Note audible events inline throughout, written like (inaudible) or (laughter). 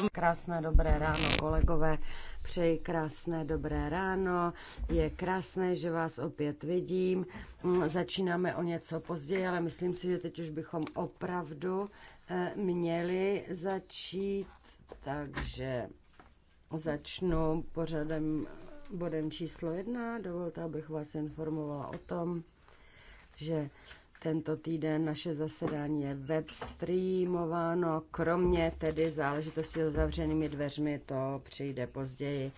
Um... Krásné dobré ráno, kolegové. Přeji krásné dobré ráno. Je krásné, že vás opět vidím. Začínáme o něco později, ale myslím si, že teď už bychom opravdu eh, měli začít. Takže začnu pořadem bodem číslo jedna. Dovolte, abych vás informovala o tom, že tento týden naše zasedání je webstreamováno, kromě tedy záležitosti s zavřenými dveřmi, to přijde později.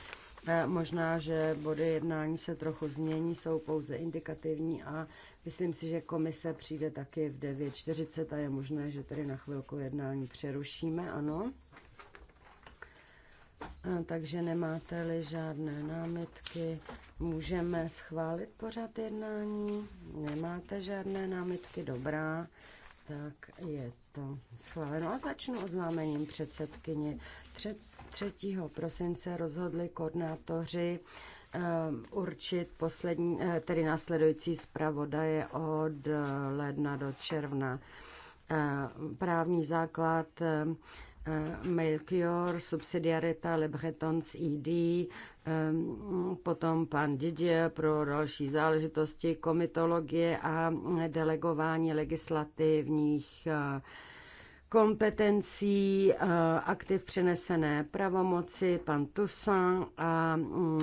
Eh, možná, že body jednání se trochu změní, jsou pouze indikativní a myslím si, že komise přijde taky v 9.40 a je možné, že tedy na chvilku jednání přerušíme, ano takže nemáte-li žádné námitky, můžeme schválit pořad jednání. Nemáte žádné námitky, dobrá, tak je to schváleno. A začnu oznámením předsedkyně. 3. prosince rozhodli koordinátoři ehm, určit poslední, eh, tedy následující zpravodaje od eh, ledna do června. Ehm, právní základ ehm, Eh, Melchior, subsidiarita Le z ID, e eh, potom pan Didier pro další záležitosti, komitologie a delegování legislativních eh, kompetencí, aktiv přenesené pravomoci, pan Toussaint a mm,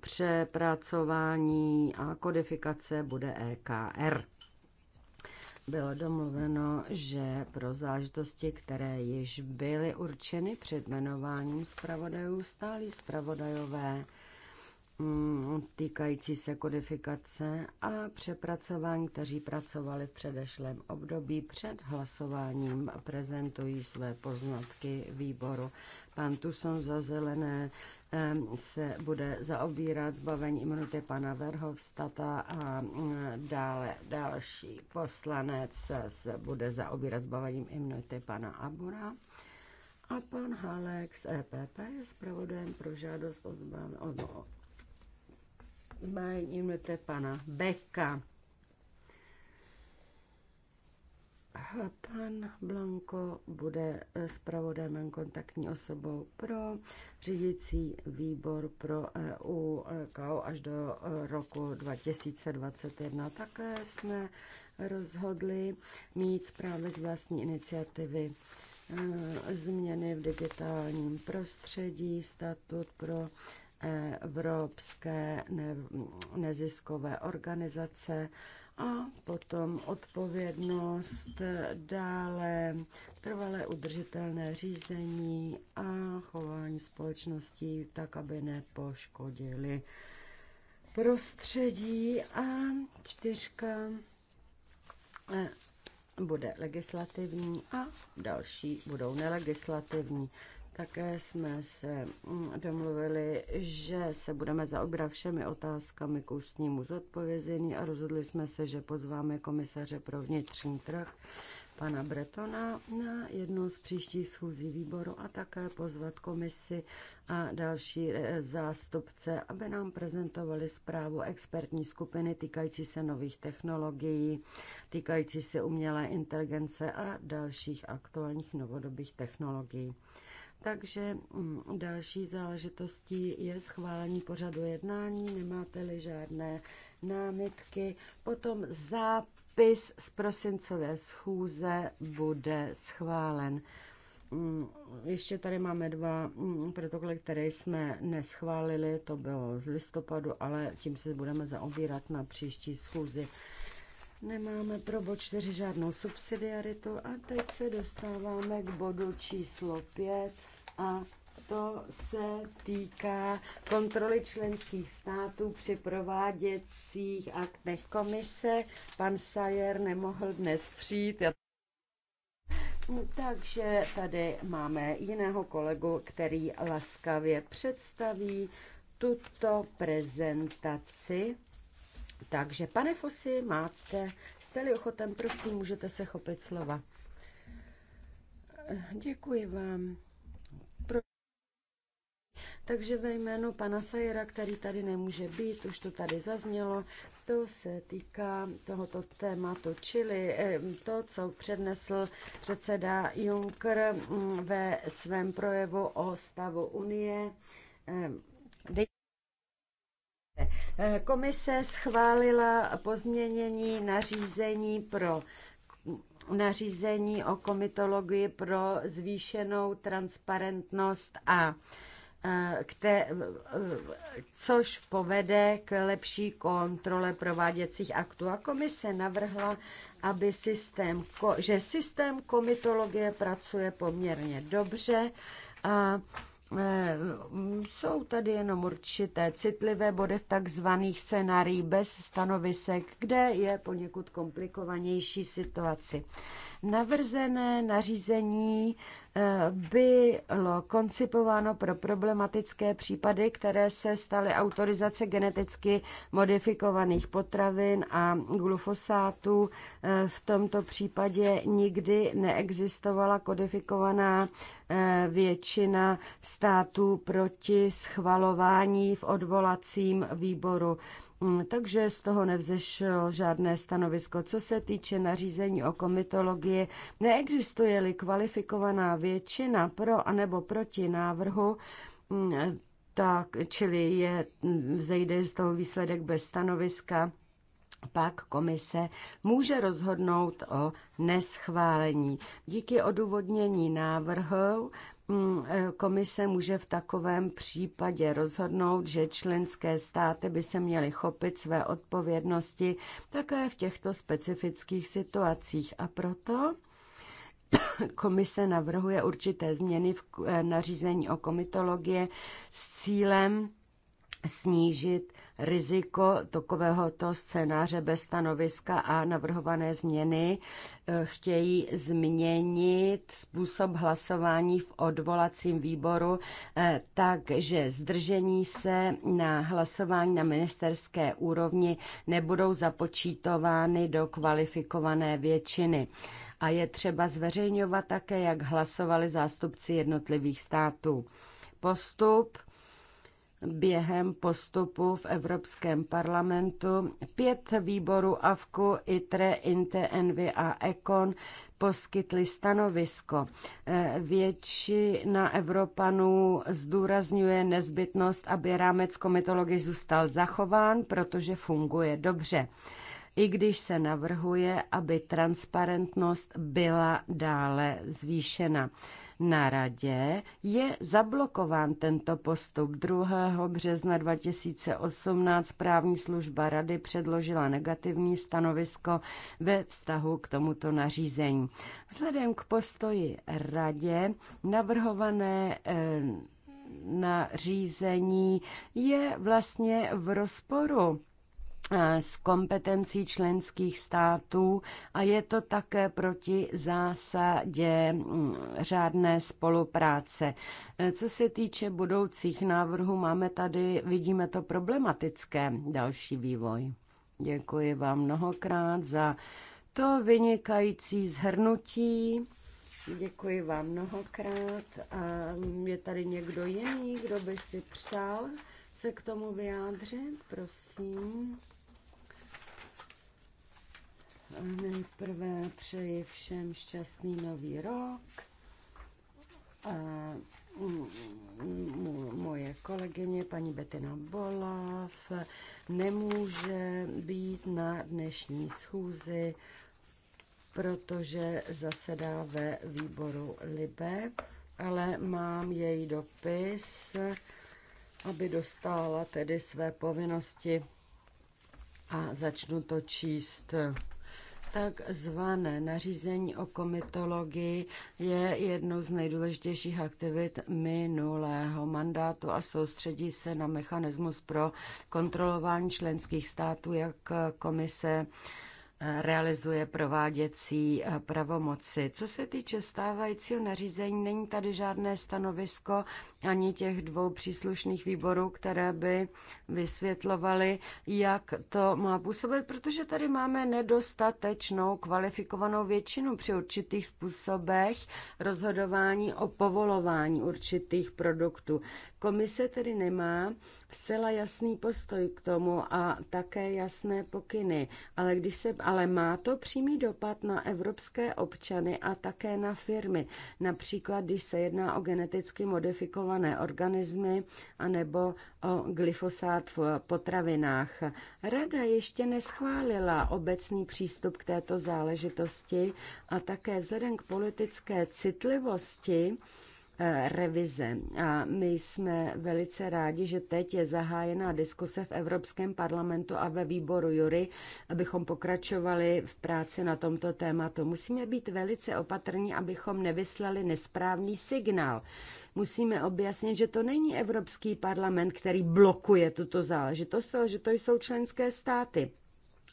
přepracování a kodifikace bude EKR bylo domluveno, že pro záležitosti, které již byly určeny před jmenováním zpravodajů, stálí zpravodajové mm, týkající se kodifikace a přepracování, kteří pracovali v předešlém období před hlasováním, prezentují své poznatky výboru. Pan Tuson za zelené se bude zaobírat zbavení imunity pana Verhovstata a mm, dále další poslanec se bude zaobírat zbavením imunity pana Abura. A pan Halek z EPP je zpravodajem pro žádost o zbavení imunity pana Beka. Pan Blanco bude eh, zpravodajem kontaktní osobou pro řídící výbor pro EU eh, KO až do eh, roku 2021. Také jsme rozhodli mít zprávy z vlastní iniciativy změny v digitálním prostředí, statut pro evropské neziskové organizace a potom odpovědnost, dále trvalé udržitelné řízení a chování společností tak, aby nepoškodili prostředí a čtyřka eh, bude legislativní a další budou nelegislativní. Také jsme se mm, domluvili, že se budeme zaobrat všemi otázkami k ústnímu zodpovězení a rozhodli jsme se, že pozváme komisaře pro vnitřní trh pana Bretona na jednu z příštích schůzí výboru a také pozvat komisi a další eh, zástupce, aby nám prezentovali zprávu expertní skupiny týkající se nových technologií, týkající se umělé inteligence a dalších aktuálních novodobých technologií. Takže mm, další záležitostí je schválení pořadu jednání, nemáte-li žádné námitky. Potom zápis z prosincové schůze bude schválen. Mm, ještě tady máme dva mm, protokoly, které jsme neschválili, to bylo z listopadu, ale tím se budeme zaobírat na příští schůzi. Nemáme pro bod 4 žádnou subsidiaritu a teď se dostáváme k bodu číslo 5 a to se týká kontroly členských států při prováděcích aktech komise. Pan Sajer nemohl dnes přijít. Takže tady máme jiného kolegu, který laskavě představí tuto prezentaci takže, pane Fosy, máte, jste-li ochoten, prosím, můžete se chopit slova. Děkuji vám. Pro... Takže ve jménu pana Sajera, který tady nemůže být, už to tady zaznělo, to se týká tohoto tématu, čili eh, to, co přednesl předseda Juncker mm, ve svém projevu o stavu Unie. Eh, Komise schválila pozměnění nařízení pro nařízení o komitologii pro zvýšenou transparentnost a e, kte, e, což povede k lepší kontrole prováděcích aktů. A komise navrhla, aby systém, že systém komitologie pracuje poměrně dobře a Eh, jsou tady jenom určité citlivé body v takzvaných scénářích bez stanovisek, kde je poněkud komplikovanější situaci. Navrzené nařízení bylo koncipováno pro problematické případy, které se staly autorizace geneticky modifikovaných potravin a glufosátů. V tomto případě nikdy neexistovala kodifikovaná eh, většina států proti schvalování v odvolacím výboru. Mm, takže z toho nevzešlo žádné stanovisko. Co se týče nařízení o komitologii, neexistuje-li kvalifikovaná většina, většina pro anebo proti návrhu, mm, tak, čili je, mm, zejde z toho výsledek bez stanoviska, pak komise může rozhodnout o neschválení. Díky odůvodnění návrhu mm, komise může v takovém případě rozhodnout, že členské státy by se měly chopit své odpovědnosti také v těchto specifických situacích. A proto (coughs) Komise navrhuje určité změny v eh, nařízení o komitologie s cílem snížit riziko takovéhoto scénáře bez stanoviska a navrhované změny eh, chtějí změnit způsob hlasování v odvolacím výboru, eh, takže zdržení se na hlasování na ministerské úrovni nebudou započítovány do kvalifikované většiny a je třeba zveřejňovat také, jak hlasovali zástupci jednotlivých států. Postup během postupu v Evropském parlamentu. Pět výborů AVKU, ITRE, INTE, ENVY a ECON e, e poskytli stanovisko. Eh, většina Evropanů zdůrazňuje nezbytnost, aby rámec komitologie zůstal zachován, protože funguje dobře i když se navrhuje, aby transparentnost byla dále zvýšena. Na radě je zablokován tento postup. 2. března 2018 právní služba rady předložila negativní stanovisko ve vztahu k tomuto nařízení. Vzhledem k postoji radě navrhované eh, nařízení je vlastně v rozporu Eh, z kompetencí členských států a je to také proti zásadě mm, řádné spolupráce. Eh, co se týče budoucích návrhů, máme tady, vidíme to problematické další vývoj. Děkuji vám mnohokrát za to vynikající zhrnutí. Děkuji vám mnohokrát. A je tady někdo jiný, kdo by si přál se k tomu vyjádřit? Prosím. Nejprve přeji všem šťastný nový rok. A moje kolegyně paní Betina Bolav nemůže být na dnešní schůzi, protože zasedá ve výboru Libe, ale mám její dopis, aby dostala tedy své povinnosti a začnu to číst. Takzvané nařízení o komitologii je jednou z nejdůležitějších aktivit minulého mandátu a soustředí se na mechanismus pro kontrolování členských států, jak komise realizuje prováděcí eh, pravomoci. Co se týče stávajícího nařízení, není tady žádné stanovisko ani těch dvou příslušných výborů, které by vysvětlovaly, jak to má působit, protože tady máme nedostatečnou kvalifikovanou většinu při určitých způsobech rozhodování o povolování určitých produktů. Komise tedy nemá zcela jasný postoj k tomu a také jasné pokyny, ale když se ale má to přímý dopad na evropské občany a také na firmy. Například, když se jedná o geneticky modifikované organismy anebo o glyfosát v potravinách. Rada ještě neschválila obecný přístup k této záležitosti a také vzhledem k politické citlivosti, Eh, revize. A my jsme velice rádi, že teď je zahájená diskuse v Evropském parlamentu a ve výboru Jury, abychom pokračovali v práci na tomto tématu. Musíme být velice opatrní, abychom nevyslali nesprávný signál. Musíme objasnit, že to není Evropský parlament, který blokuje tuto záležitost, ale že to jsou členské státy.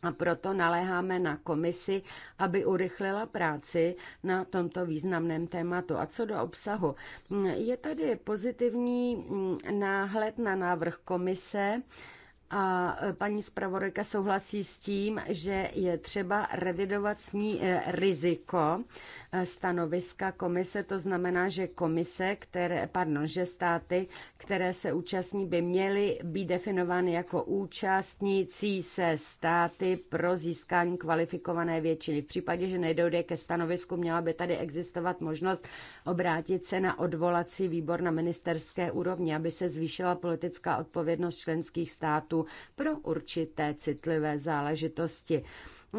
A proto naléháme na komisi, aby urychlila práci na tomto významném tématu. A co do obsahu? Je tady pozitivní mm, náhled na návrh komise, a e, paní zpravodajka souhlasí s tím, že je třeba revidovat s ní e, riziko e, stanoviska komise. To znamená, že komise, které, pardon, že státy, které se účastní, by měly být definovány jako účastnící se státy pro získání kvalifikované většiny. V případě, že nedojde ke stanovisku, měla by tady existovat možnost obrátit se na odvolací výbor na ministerské úrovni, aby se zvýšila politická odpovědnost členských států pro určité citlivé záležitosti.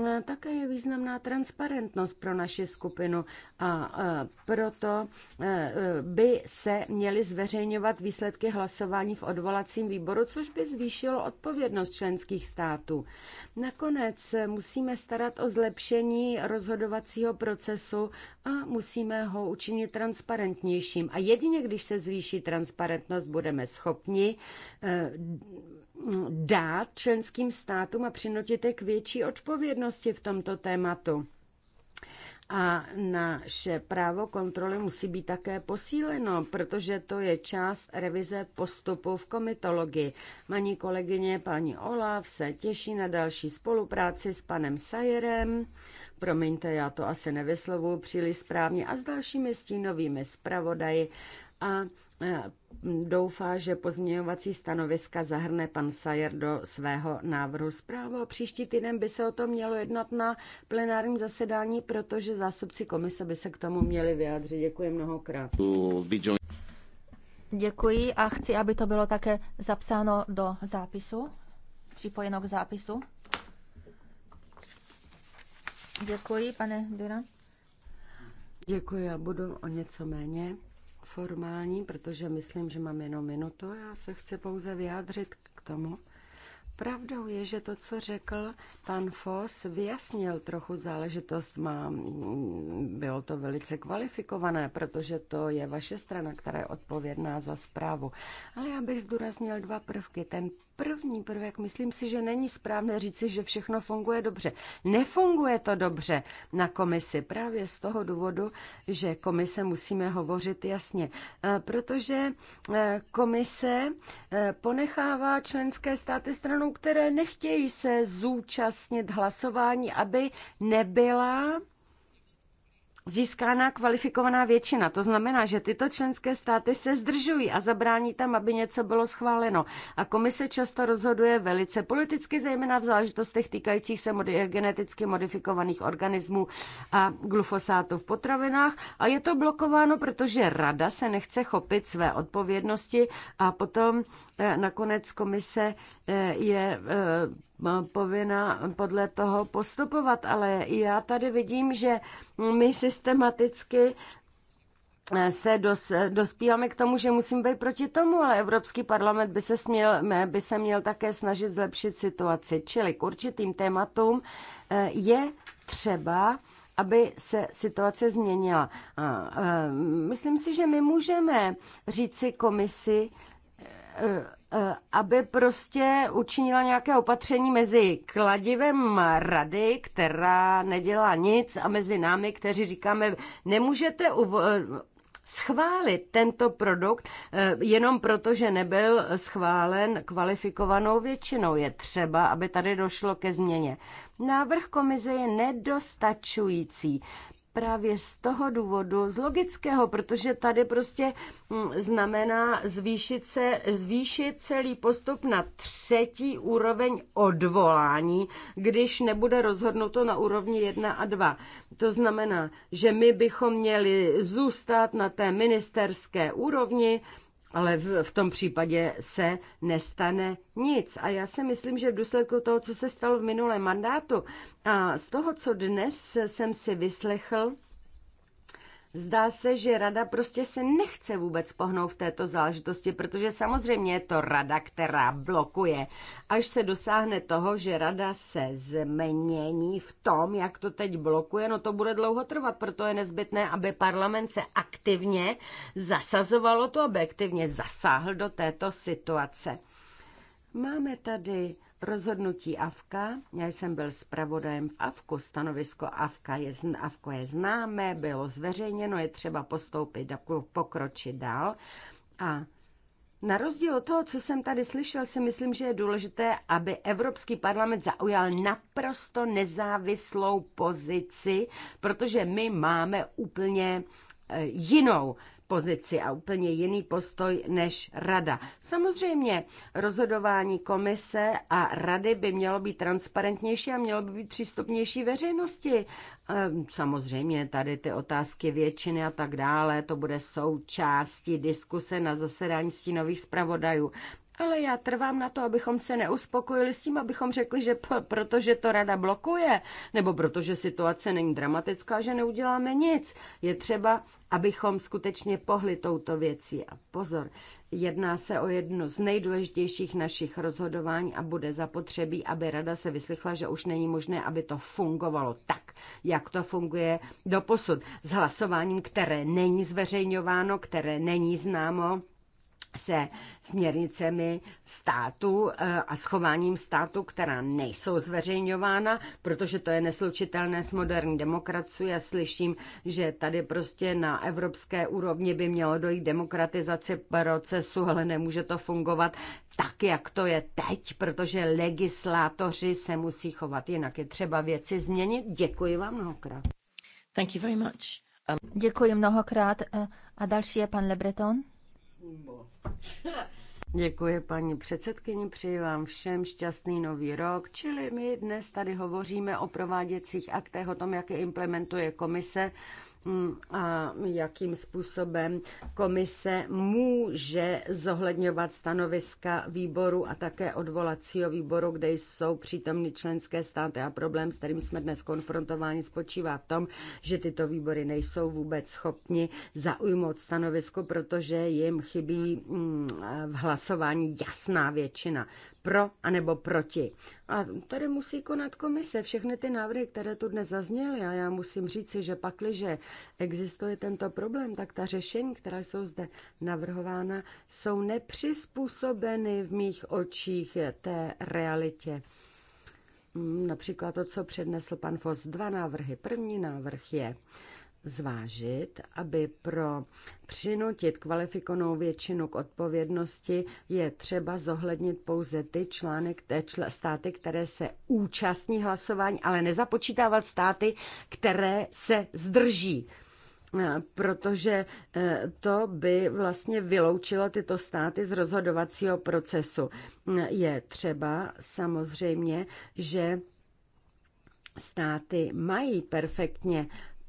E, také je významná transparentnost pro naši skupinu a e, proto e, by se měly zveřejňovat výsledky hlasování v odvolacím výboru, což by zvýšilo odpovědnost členských států. Nakonec musíme starat o zlepšení rozhodovacího procesu a musíme ho učinit transparentnějším. A jedině když se zvýší transparentnost, budeme schopni dát členským státům a přinutit je k větší odpovědnosti v tomto tématu. A naše právo kontroly musí být také posíleno, protože to je část revize postupu v komitologii. Maní kolegyně paní Olaf se těší na další spolupráci s panem Sajerem. Promiňte, já to asi nevyslovuju příliš správně a s dalšími stínovými zpravodaji a e, doufá, že pozměňovací stanoviska zahrne pan Sajer do svého návrhu zprávy. Příští týden by se o tom mělo jednat na plenárním zasedání, protože zástupci komise by se k tomu měli vyjádřit. Děkuji mnohokrát. Děkuji a chci, aby to bylo také zapsáno do zápisu, připojeno k zápisu. Děkuji, pane Dura. Děkuji, já budu o něco méně formální, protože myslím, že mám jenom minutu. Já se chci pouze vyjádřit k tomu. Pravdou je, že to, co řekl pan Foss, vyjasnil trochu záležitost. Má, bylo to velice kvalifikované, protože to je vaše strana, která je odpovědná za zprávu. Ale já bych zdůraznil dva prvky. Ten první prvek, myslím si, že není správné říci, že všechno funguje dobře. Nefunguje to dobře na komisi právě z toho důvodu, že komise musíme hovořit jasně, e, protože e, komise e, ponechává členské státy stranou, které nechtějí se zúčastnit hlasování, aby nebyla získána kvalifikovaná většina. To znamená, že tyto členské státy se zdržují a zabrání tam, aby něco bylo schváleno. A komise často rozhoduje velice politicky, zejména v záležitostech týkajících se modi- geneticky modifikovaných organismů a glufosátu v potravinách. A je to blokováno, protože rada se nechce chopit své odpovědnosti a potom eh, nakonec komise eh, je eh, povinna podle toho postupovat, ale já tady vidím, že my systematicky eh, se dos, dospíváme k tomu, že musím být proti tomu, ale Evropský parlament by se, směl, by se měl také snažit zlepšit situaci. Čili k určitým tématům eh, je třeba aby se situace změnila. A, a, eh, myslím si, že my můžeme říci komisi, Eh, eh, aby prostě učinila nějaké opatření mezi kladivem rady, která nedělá nic, a mezi námi, kteří říkáme, nemůžete schválit tento produkt eh, jenom proto, že nebyl schválen kvalifikovanou většinou. Je třeba, aby tady došlo ke změně. Návrh komise je nedostačující právě z toho důvodu, z logického, protože tady prostě hm, znamená zvýšit, se, zvýšit celý postup na třetí úroveň odvolání, když nebude rozhodnuto na úrovni 1 a 2. To znamená, že my bychom měli zůstat na té ministerské úrovni, ale v, v tom případě se nestane nic. A já si myslím, že v důsledku toho, co se stalo v minulém mandátu a z toho, co dnes jsem si vyslechl, Zdá se, že rada prostě se nechce vůbec pohnout v této záležitosti, protože samozřejmě je to rada, která blokuje, až se dosáhne toho, že rada se změní v tom, jak to teď blokuje, no to bude dlouho trvat, proto je nezbytné, aby parlament se aktivně zasazovalo to, aby aktivně zasáhl do této situace. Máme tady Rozhodnutí AVKA, já jsem byl zpravodajem v AVKu, stanovisko AVKA je, AVKO je známé, bylo zveřejněno, je třeba postoupit a pokročit dál. A na rozdíl od toho, co jsem tady slyšel, si myslím, že je důležité, aby Evropský parlament zaujal naprosto nezávislou pozici, protože my máme úplně eh, jinou pozici a úplně jiný postoj než rada. Samozřejmě rozhodování komise a rady by mělo být transparentnější a mělo by být přístupnější veřejnosti. Ehm, samozřejmě tady ty otázky většiny a tak dále, to bude součástí diskuse na zasedání stínových zpravodajů. Ale já trvám na to, abychom se neuspokojili s tím, abychom řekli, že protože to rada blokuje, nebo protože situace není dramatická, že neuděláme nic. Je třeba, abychom skutečně pohli touto věcí. A pozor, jedná se o jedno z nejdůležitějších našich rozhodování a bude zapotřebí, aby rada se vyslychla, že už není možné, aby to fungovalo tak, jak to funguje doposud. S hlasováním, které není zveřejňováno, které není známo, se směrnicemi státu eh, a schováním státu, která nejsou zveřejňována, protože to je neslučitelné s moderní demokracií. Já slyším, že tady prostě na evropské úrovni by mělo dojít demokratizaci procesu, ale nemůže to fungovat tak, jak to je teď, protože legislátoři se musí chovat jinak. Je třeba věci změnit. Děkuji vám mnohokrát. Thank you very much. Um... Děkuji mnohokrát. Eh, a další je pan Lebreton. Děkuji paní předsedkyni, přeji vám všem šťastný nový rok, čili my dnes tady hovoříme o prováděcích aktech, o tom, jak je implementuje komise Mm, a jakým způsobem komise může zohledňovat stanoviska výboru a také odvolacího výboru, kde jsou přítomny členské státy. A problém, s kterým jsme dnes konfrontováni, spočívá v tom, že tyto výbory nejsou vůbec schopni zaujmout stanovisko, protože jim chybí mm, v hlasování jasná většina pro anebo proti. A tady musí konat komise všechny ty návrhy, které tu dnes zazněly a já musím říci, že pakliže existuje tento problém, tak ta řešení, která jsou zde navrhována, jsou nepřizpůsobeny v mých očích té realitě. Například to, co přednesl pan Fos, dva návrhy. První návrh je, zvážit, aby pro přinutit kvalifikovanou většinu k odpovědnosti je třeba zohlednit pouze ty člány, té čl- státy, které se účastní hlasování, ale nezapočítávat státy, které se zdrží eh, protože eh, to by vlastně vyloučilo tyto státy z rozhodovacího procesu. Eh, je třeba samozřejmě, že státy mají perfektně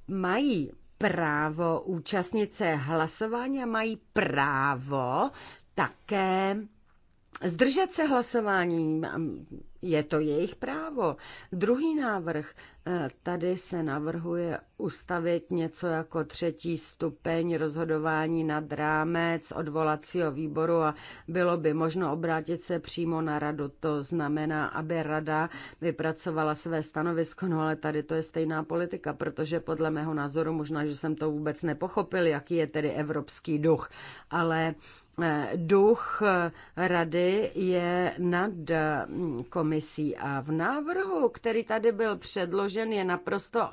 mají právo účastnit se hlasování a mají právo také zdržet se hlasování, je to jejich právo. Druhý návrh, eh, tady se navrhuje ustavit něco jako třetí stupeň rozhodování nad rámec odvolacího výboru a bylo by možno obrátit se přímo na radu. To znamená, aby rada vypracovala své stanovisko, no ale tady to je stejná politika, protože podle mého názoru možná, že jsem to vůbec nepochopil, jaký je tedy evropský duch, ale Eh, duch eh, rady je nad mm, komisí a v návrhu, který tady byl předložen, je naprosto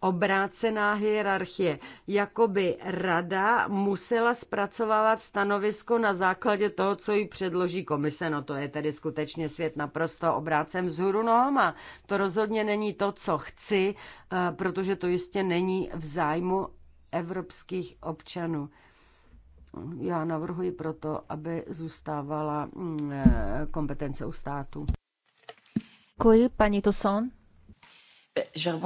obrácená hierarchie. Jakoby rada musela zpracovávat stanovisko na základě toho, co jí předloží komise. No to je tedy skutečně svět naprosto obrácen vzhůru nohama. To rozhodně není to, co chci, eh, protože to jistě není v zájmu evropských občanů. Já navrhuji proto, aby zůstávala mm, eh, kompetence u státu. Děkuji, paní Tusson. Eh,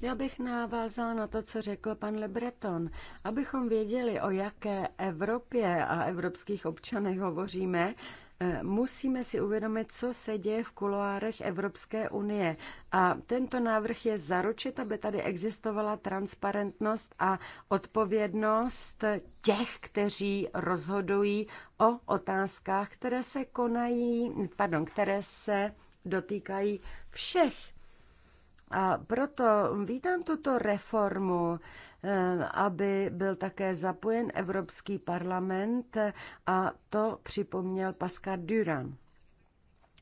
Já bych navázala na to, co řekl pan Le Breton. Abychom věděli, o jaké Evropě a evropských občanech hovoříme, Eh, musíme si uvědomit, co se děje v kuloárech Evropské unie. A tento návrh je zaručit, aby tady existovala transparentnost a odpovědnost těch, kteří rozhodují o otázkách, které se konají, pardon, které se dotýkají všech. A proto vítám tuto reformu Ehm, aby byl také zapojen Evropský parlament a to připomněl Pascal Durand.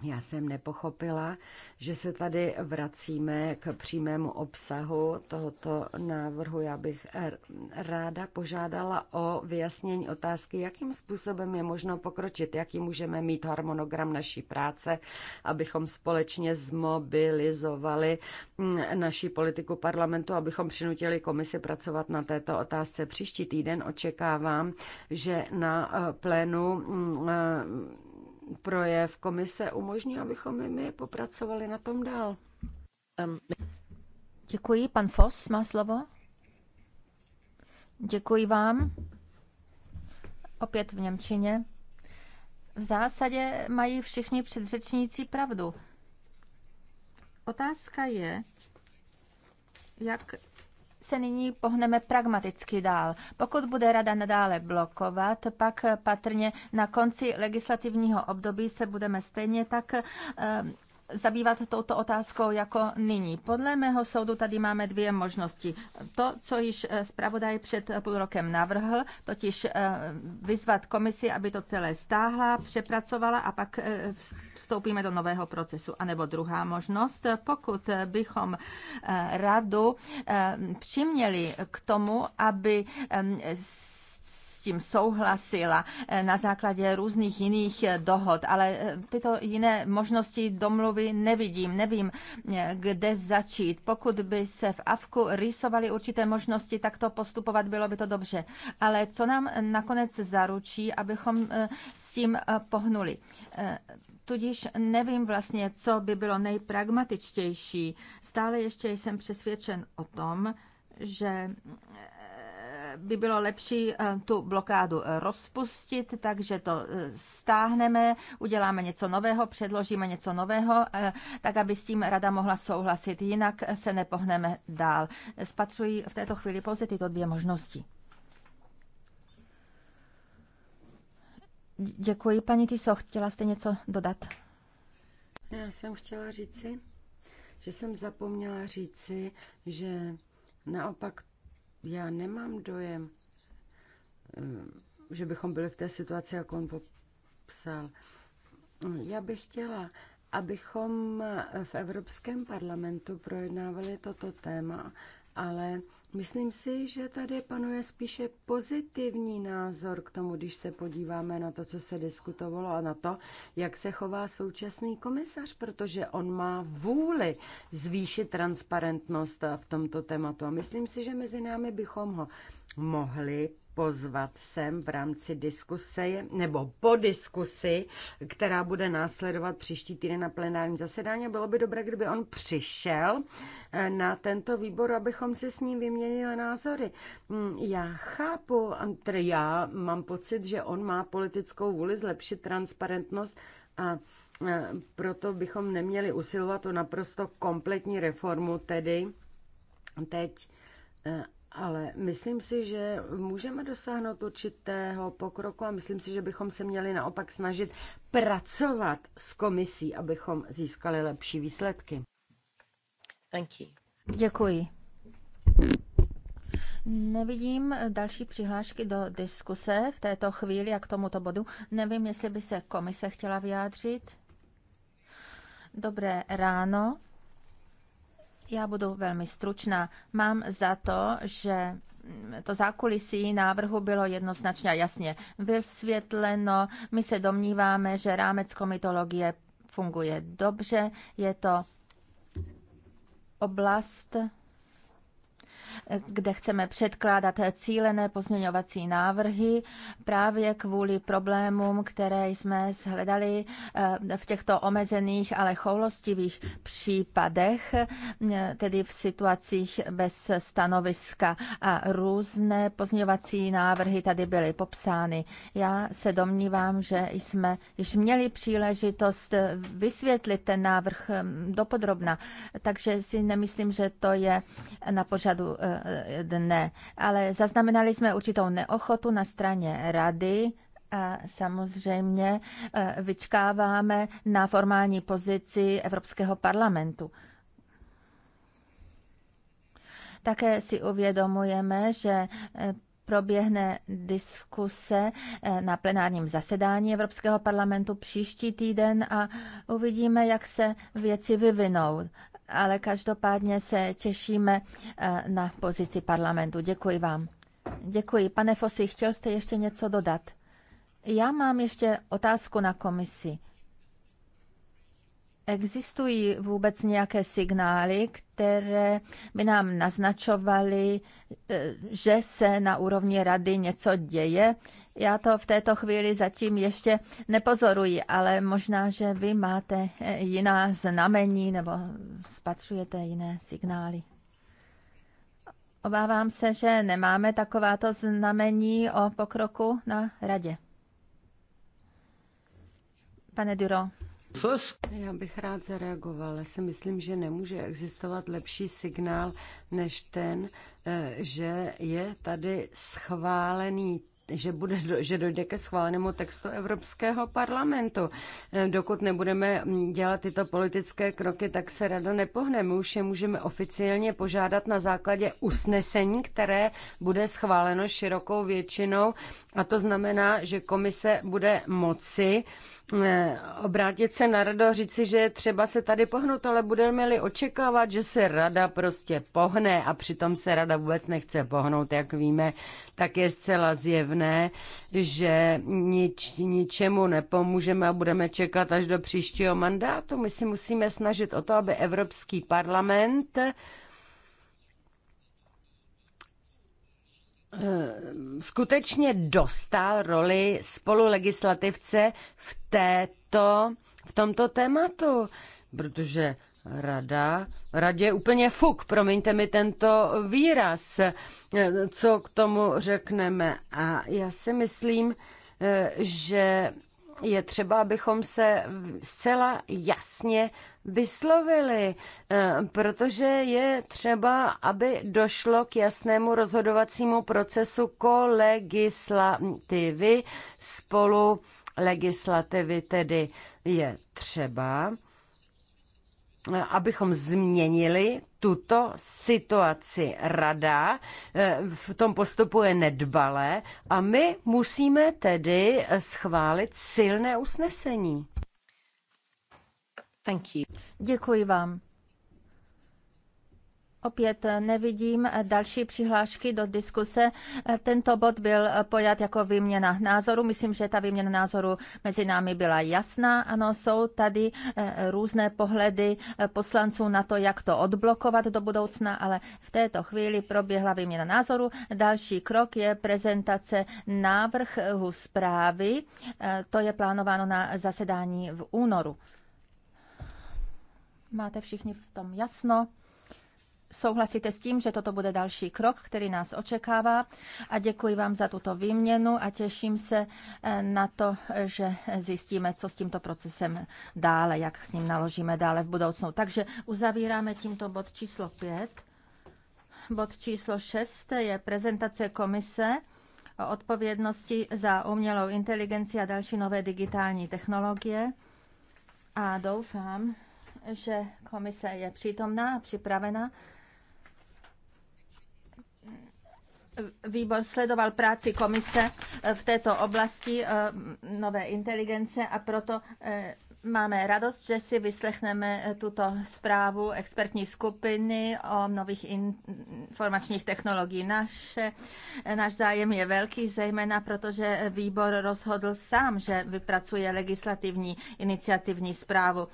Já jsem nepochopila, že se tady vracíme k přímému obsahu tohoto návrhu. Já bych ráda požádala o vyjasnění otázky, jakým způsobem je možno pokročit, jaký můžeme mít harmonogram naší práce, abychom společně zmobilizovali mm, naší politiku parlamentu, abychom přinutili komisi pracovat na této otázce. Příští týden očekávám, že na eh, plénu mm, eh, projev komise umožní, abychom i my popracovali na tom dál. Um, Děkuji. Pan Fos má slovo. Děkuji vám. Opět v Němčině. V zásadě mají všichni předřečníci pravdu. Otázka je, jak se nyní pohneme pragmaticky dál. Pokud bude rada nadále blokovat, pak patrně na konci legislativního období se budeme stejně tak eh, zabývat touto otázkou jako nyní. Podle mého soudu tady máme dvě možnosti. To, co již eh, zpravodaj před eh, půl rokem navrhl, totiž eh, vyzvat komisi, aby to celé stáhla, přepracovala a pak vstoupíme do nového procesu. A nebo druhá možnost, pokud bychom radu přiměli k tomu, aby tím souhlasila eh, na základě různých jiných eh, dohod, ale eh, tyto jiné možnosti domluvy nevidím, nevím, kde začít. Pokud by se v AVKu rýsovaly určité možnosti, tak to postupovat bylo by to dobře. Ale co nám nakonec zaručí, abychom s tím pohnuli? Tudíž nevím vlastně, co by bylo nejpragmatičtější. Stále ještě jsem přesvědčen o tom, že by bylo lepší eh, tu blokádu eh, rozpustit, takže to eh, stáhneme, uděláme něco nového, předložíme něco nového, tak aby s tím rada mohla souhlasit, jinak se nepohneme dál. Spatřuji v této chvíli pouze tyto dvě možnosti. Děkuji, paní Tyso. Chtěla jste něco dodat? Já jsem chtěla říci, že jsem zapomněla říci, že naopak já nemám dojem, eh, že bychom byli v té situaci, jak on popsal. Já bych chtěla, abychom v Evropském parlamentu projednávali toto téma ale myslím si, že tady panuje spíše pozitivní názor k tomu, když se podíváme na to, co se diskutovalo a na to, jak se chová současný komisař, protože on má vůli zvýšit transparentnost v tomto tématu. A myslím si, že mezi námi bychom ho mohli pozvat sem v rámci diskuse nebo po diskusi, která bude následovat příští týden na plenárním zasedání. Bylo by dobré, kdyby on přišel eh, na tento výbor, abychom si s ním vyměnili názory. Mm, já chápu, tedy já mám pocit, že on má politickou vůli zlepšit transparentnost a eh, proto bychom neměli usilovat o naprosto kompletní reformu, tedy teď eh, ale myslím si, že můžeme dosáhnout určitého pokroku a myslím si, že bychom se měli naopak snažit pracovat s komisí, abychom získali lepší výsledky. Thank you. Děkuji. Nevidím další přihlášky do diskuse v této chvíli a k tomuto bodu. Nevím, jestli by se komise chtěla vyjádřit. Dobré ráno. Já budu velmi stručná. Mám za to, že to zákulisí návrhu bylo jednoznačně a jasně vysvětleno. My se domníváme, že rámec komitologie funguje dobře. Je to oblast, kde chceme předkládat cílené pozměňovací návrhy právě kvůli problémům, které jsme shledali eh, v těchto omezených, ale choulostivých případech, eh, tedy v situacích bez stanoviska a různé pozměňovací návrhy tady byly popsány. Já se domnívám, že jsme již měli příležitost vysvětlit ten návrh mm, dopodrobna, takže si nemyslím, že to je na pořadu Eh, dne, ale zaznamenali jsme určitou neochotu na straně rady a samozřejmě eh, vyčkáváme na formální pozici Evropského parlamentu. Také si uvědomujeme, že eh, proběhne diskuse na plenárním zasedání Evropského parlamentu příští týden a uvidíme, jak se věci vyvinou ale každopádně se těšíme eh, na pozici parlamentu. Děkuji vám. Děkuji. Pane Fosy, chtěl jste ještě něco dodat? Já mám ještě otázku na komisi. Existují vůbec nějaké signály, které by nám naznačovaly, eh, že se na úrovni rady něco děje? Já to v této chvíli zatím ještě nepozoruji, ale možná, že vy máte eh, jiná znamení nebo spatřujete jiné signály. Obávám se, že nemáme takováto znamení o pokroku na radě. Pane Duro. Já bych rád zareagoval, Já si myslím, že nemůže existovat lepší signál než ten, eh, že je tady schválený že, bude, že dojde ke schválenému textu Evropského parlamentu. Eh, dokud nebudeme mm, dělat tyto politické kroky, tak se rada nepohne. My už je můžeme oficiálně požádat na základě usnesení, které bude schváleno širokou většinou. A to znamená, že komise bude moci Eh, obrátit se na radu a říci, že je třeba se tady pohnout, ale budeme-li očekávat, že se rada prostě pohne a přitom se rada vůbec nechce pohnout, jak víme, tak je zcela zjevné, že nič, ničemu nepomůžeme a budeme čekat až do příštího mandátu. My si musíme snažit o to, aby Evropský parlament Ehm, skutečně dostal roli spolulegislativce v, této, v tomto tématu, protože rada, radě úplně fuk, promiňte mi tento výraz, e, co k tomu řekneme. A já si myslím, e, že je třeba, abychom se zcela jasně vyslovili, eh, protože je třeba, aby došlo k jasnému rozhodovacímu procesu kolegislativy spolu legislativy, tedy je třeba, Eh, abychom změnili tuto situaci. Rada eh, v tom postupuje nedbalé a my musíme tedy schválit silné usnesení. Thank you. Děkuji vám. Opět nevidím další přihlášky do diskuse. Tento bod byl pojat jako výměna názoru. Myslím, že ta výměna názoru mezi námi byla jasná. Ano, jsou tady eh, různé pohledy poslanců na to, jak to odblokovat do budoucna, ale v této chvíli proběhla výměna názoru. Další krok je prezentace návrhu zprávy. Eh, to je plánováno na zasedání v únoru. Máte všichni v tom jasno? souhlasíte s tím, že toto bude další krok, který nás očekává a děkuji vám za tuto výměnu a těším se eh, na to, že zjistíme, co s tímto procesem dále, jak s ním naložíme dále v budoucnu. Takže uzavíráme tímto bod číslo 5. Bod číslo 6 je prezentace komise o odpovědnosti za umělou inteligenci a další nové digitální technologie. A doufám, že komise je přítomná a připravena výbor sledoval práci komise eh, v této oblasti eh, nové inteligence a proto eh, Máme radost, že si vyslechneme tuto zprávu expertní skupiny o nových informačních technologií. Naše, náš zájem je velký, zejména protože výbor rozhodl sám, že vypracuje legislativní iniciativní zprávu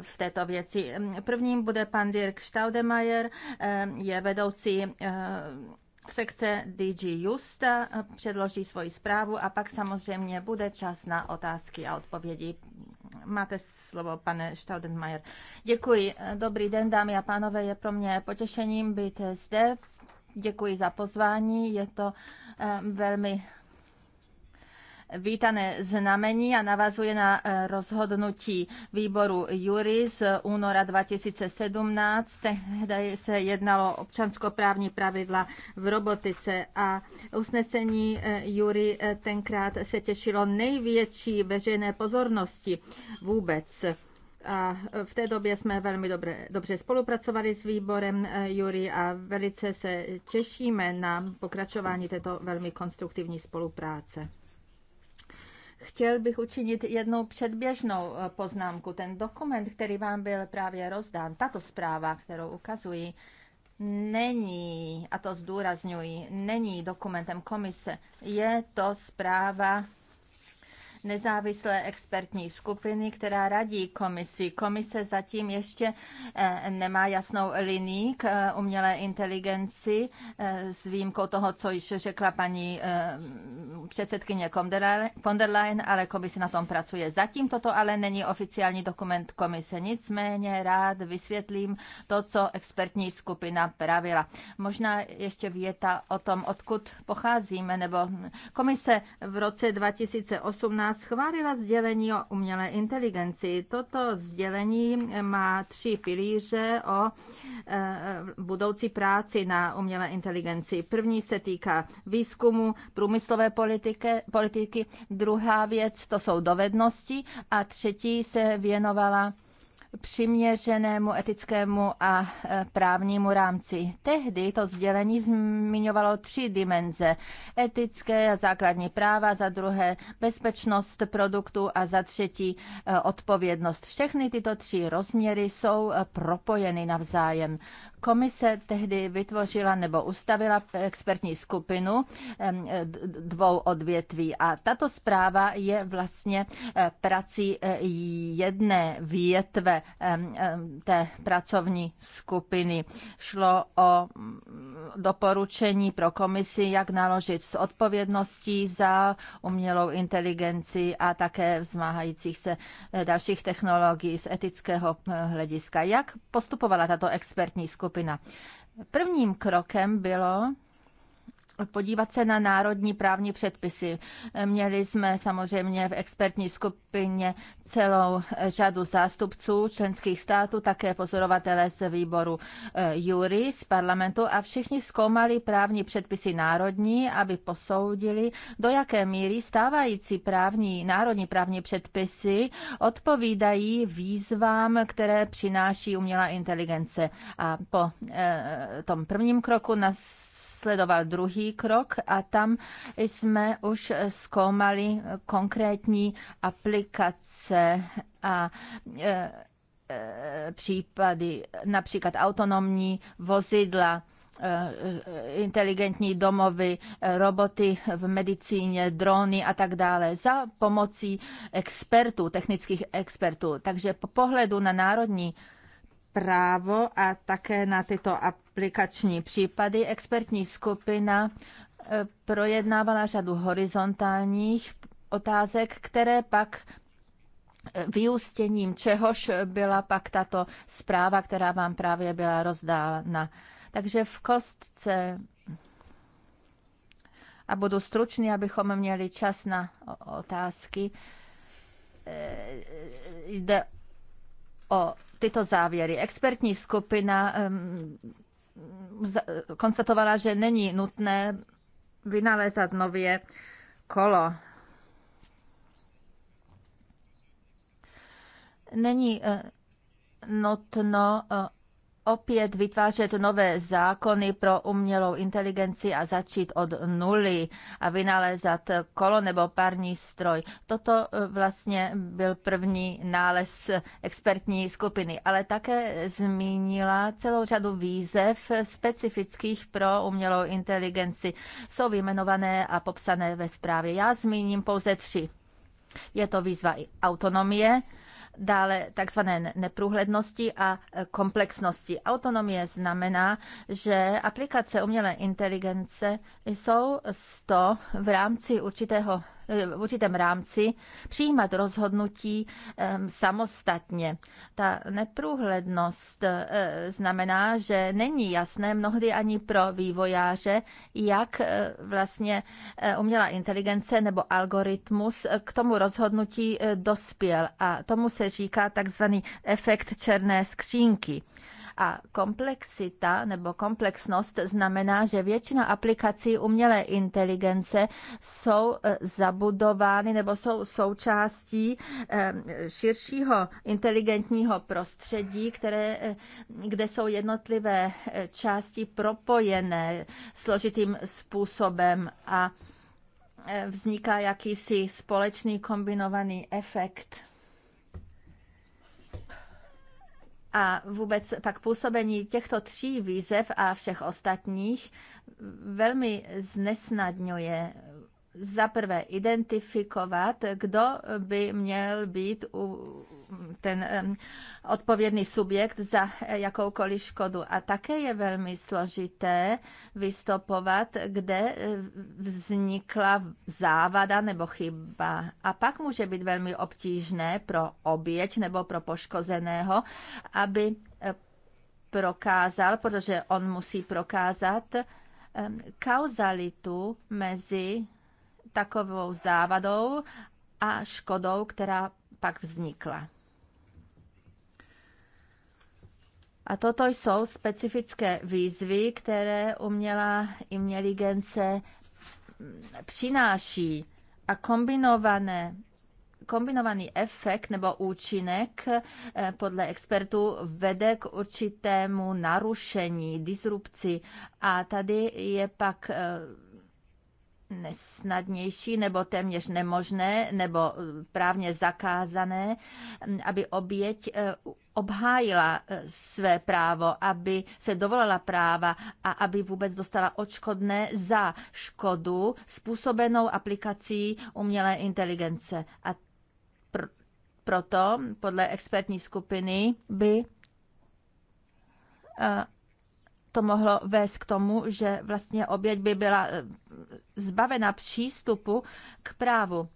v této věci. Prvním bude pan Dirk Staudemeyer, je vedoucí sekce DG Just předloží svoji zprávu a pak samozřejmě bude čas na otázky a odpovědi. Máte slovo, pane Staudenmayer. Děkuji. Dobrý den, dámy a pánové. Je pro mě potěšením být zde. Děkuji za pozvání. Je to eh, velmi vítané znamení a navazuje na e, rozhodnutí výboru Jury z února 2017. Tehdy se jednalo občanskoprávní pravidla v robotice a usnesení e, Jury e, tenkrát se těšilo největší veřejné pozornosti vůbec. A v té době jsme velmi dobře, dobře spolupracovali s výborem Jury a velice se těšíme na pokračování této velmi konstruktivní spolupráce. Chtěl bych učinit jednu předběžnou eh, poznámku. Ten dokument, který vám byl právě rozdán, tato zpráva, kterou ukazuji, není, a to zdůrazňuji, není dokumentem komise. Je to zpráva nezávislé expertní skupiny, která radí komisi. Komise zatím ještě eh, nemá jasnou linii k eh, umělé inteligenci eh, s výjimkou toho, co již řekla paní předsedkyně von der Leyen, ale komise na tom pracuje. Zatím toto ale není oficiální dokument komise. Nicméně rád vysvětlím to, co expertní skupina pravila. Možná ještě věta o tom, odkud pocházíme, nebo komise v roce 2018 schválila sdělení o umělé inteligenci. Toto sdělení má tři pilíře o eh, budoucí práci na umělé inteligenci. První se týká výzkumu průmyslové politiky, politiky druhá věc to jsou dovednosti a třetí se věnovala přiměřenému etickému a e, právnímu rámci. Tehdy to sdělení zmiňovalo tři dimenze. Etické a základní práva, za druhé bezpečnost produktu a za třetí e, odpovědnost. Všechny tyto tři rozměry jsou e, propojeny navzájem. Komise tehdy vytvořila nebo ustavila expertní skupinu dvou odvětví a tato zpráva je vlastně eh, prací eh, jedné větve té pracovní skupiny. Šlo o mm, doporučení pro komisi, jak naložit s odpovědností za umělou inteligenci a také vzmáhajících se eh, dalších technologií z etického hlediska. Jak postupovala tato expertní skupina? skupina. Prvním krokem bylo podívat se na národní právní předpisy. Měli jsme samozřejmě v expertní skupině celou řadu zástupců členských států, také pozorovatele z výboru eh, jury z parlamentu a všichni zkoumali právní předpisy národní, aby posoudili, do jaké míry stávající právní, národní právní předpisy odpovídají výzvám, které přináší umělá inteligence. A po eh, tom prvním kroku na nasledoval druhý krok a tam jsme už zkoumali konkrétní aplikace a e, e, případy, například autonomní vozidla, e, inteligentní domovy, roboty v medicíně, drony a tak dále za pomocí expertů, technických expertů. Takže po pohledu na národní právo a také na tyto aplikační případy. Expertní skupina e, projednávala řadu horizontálních otázek, které pak e, vyústěním čehož byla pak tato zpráva, která vám právě byla rozdána. Takže v kostce a budu stručný, abychom měli čas na otázky. E, jde o tyto závěry. Expertní skupina konstatovala, že není nutné vynalézat nově kolo. Není eh, nutno eh, opět vytvářet nové zákony pro umělou inteligenci a začít od nuly a vynalézat kolo nebo parní stroj. Toto e, vlastně byl první nález expertní skupiny, ale také zmínila celou řadu výzev specifických pro umělou inteligenci. Jsou vyjmenované a popsané ve zprávě. Já zmíním pouze tři. Je to výzva i autonomie, dále takzvané neprůhlednosti a e, komplexnosti. Autonomie znamená, že aplikace umělé inteligence jsou to v rámci určitého v určitém rámci přijímat rozhodnutí samostatně. Ta neprůhlednost eh, znamená, že není jasné mnohdy ani pro vývojáře, jak eh, vlastně eh, umělá inteligence nebo algoritmus k tomu rozhodnutí dospěl. A tomu se říká takzvaný efekt černé skřínky. A komplexita nebo komplexnost znamená, že většina aplikací umělé inteligence jsou eh, zabudovány nebo jsou součástí eh, širšího inteligentního prostředí, které, eh, kde jsou jednotlivé části propojené složitým způsobem a vzniká jakýsi společný kombinovaný efekt. A vůbec pak působení těchto tří výzev a všech ostatních velmi znesnadňuje za prvé identifikovat, kdo by měl být ten odpovědný subjekt za eh, jakoukoliv škodu. A také je velmi složité vystopovat, kde eh, vznikla závada nebo chyba. A pak může být velmi obtížné pro oběť nebo pro poškozeného, aby eh, prokázal, protože on musí prokázat kauzalitu mezi takovou závadou a škodou, která pak vznikla. A toto jsou specifické výzvy, které umělá inteligence přináší a kombinované kombinovaný efekt nebo účinek eh, podle expertů vede k určitému narušení, disrupci a tady je pak eh, nesnadnější nebo téměř nemožné nebo eh, právně zakázané, mm, aby oběť eh, obhájila eh, své právo, aby se dovolala práva a aby vůbec dostala odškodné za škodu způsobenou aplikací umělé inteligence. A pr- proto podle expertní skupiny by to mohlo vést k tomu, že vlastně oběť by byla eh, zbavena přístupu k právu.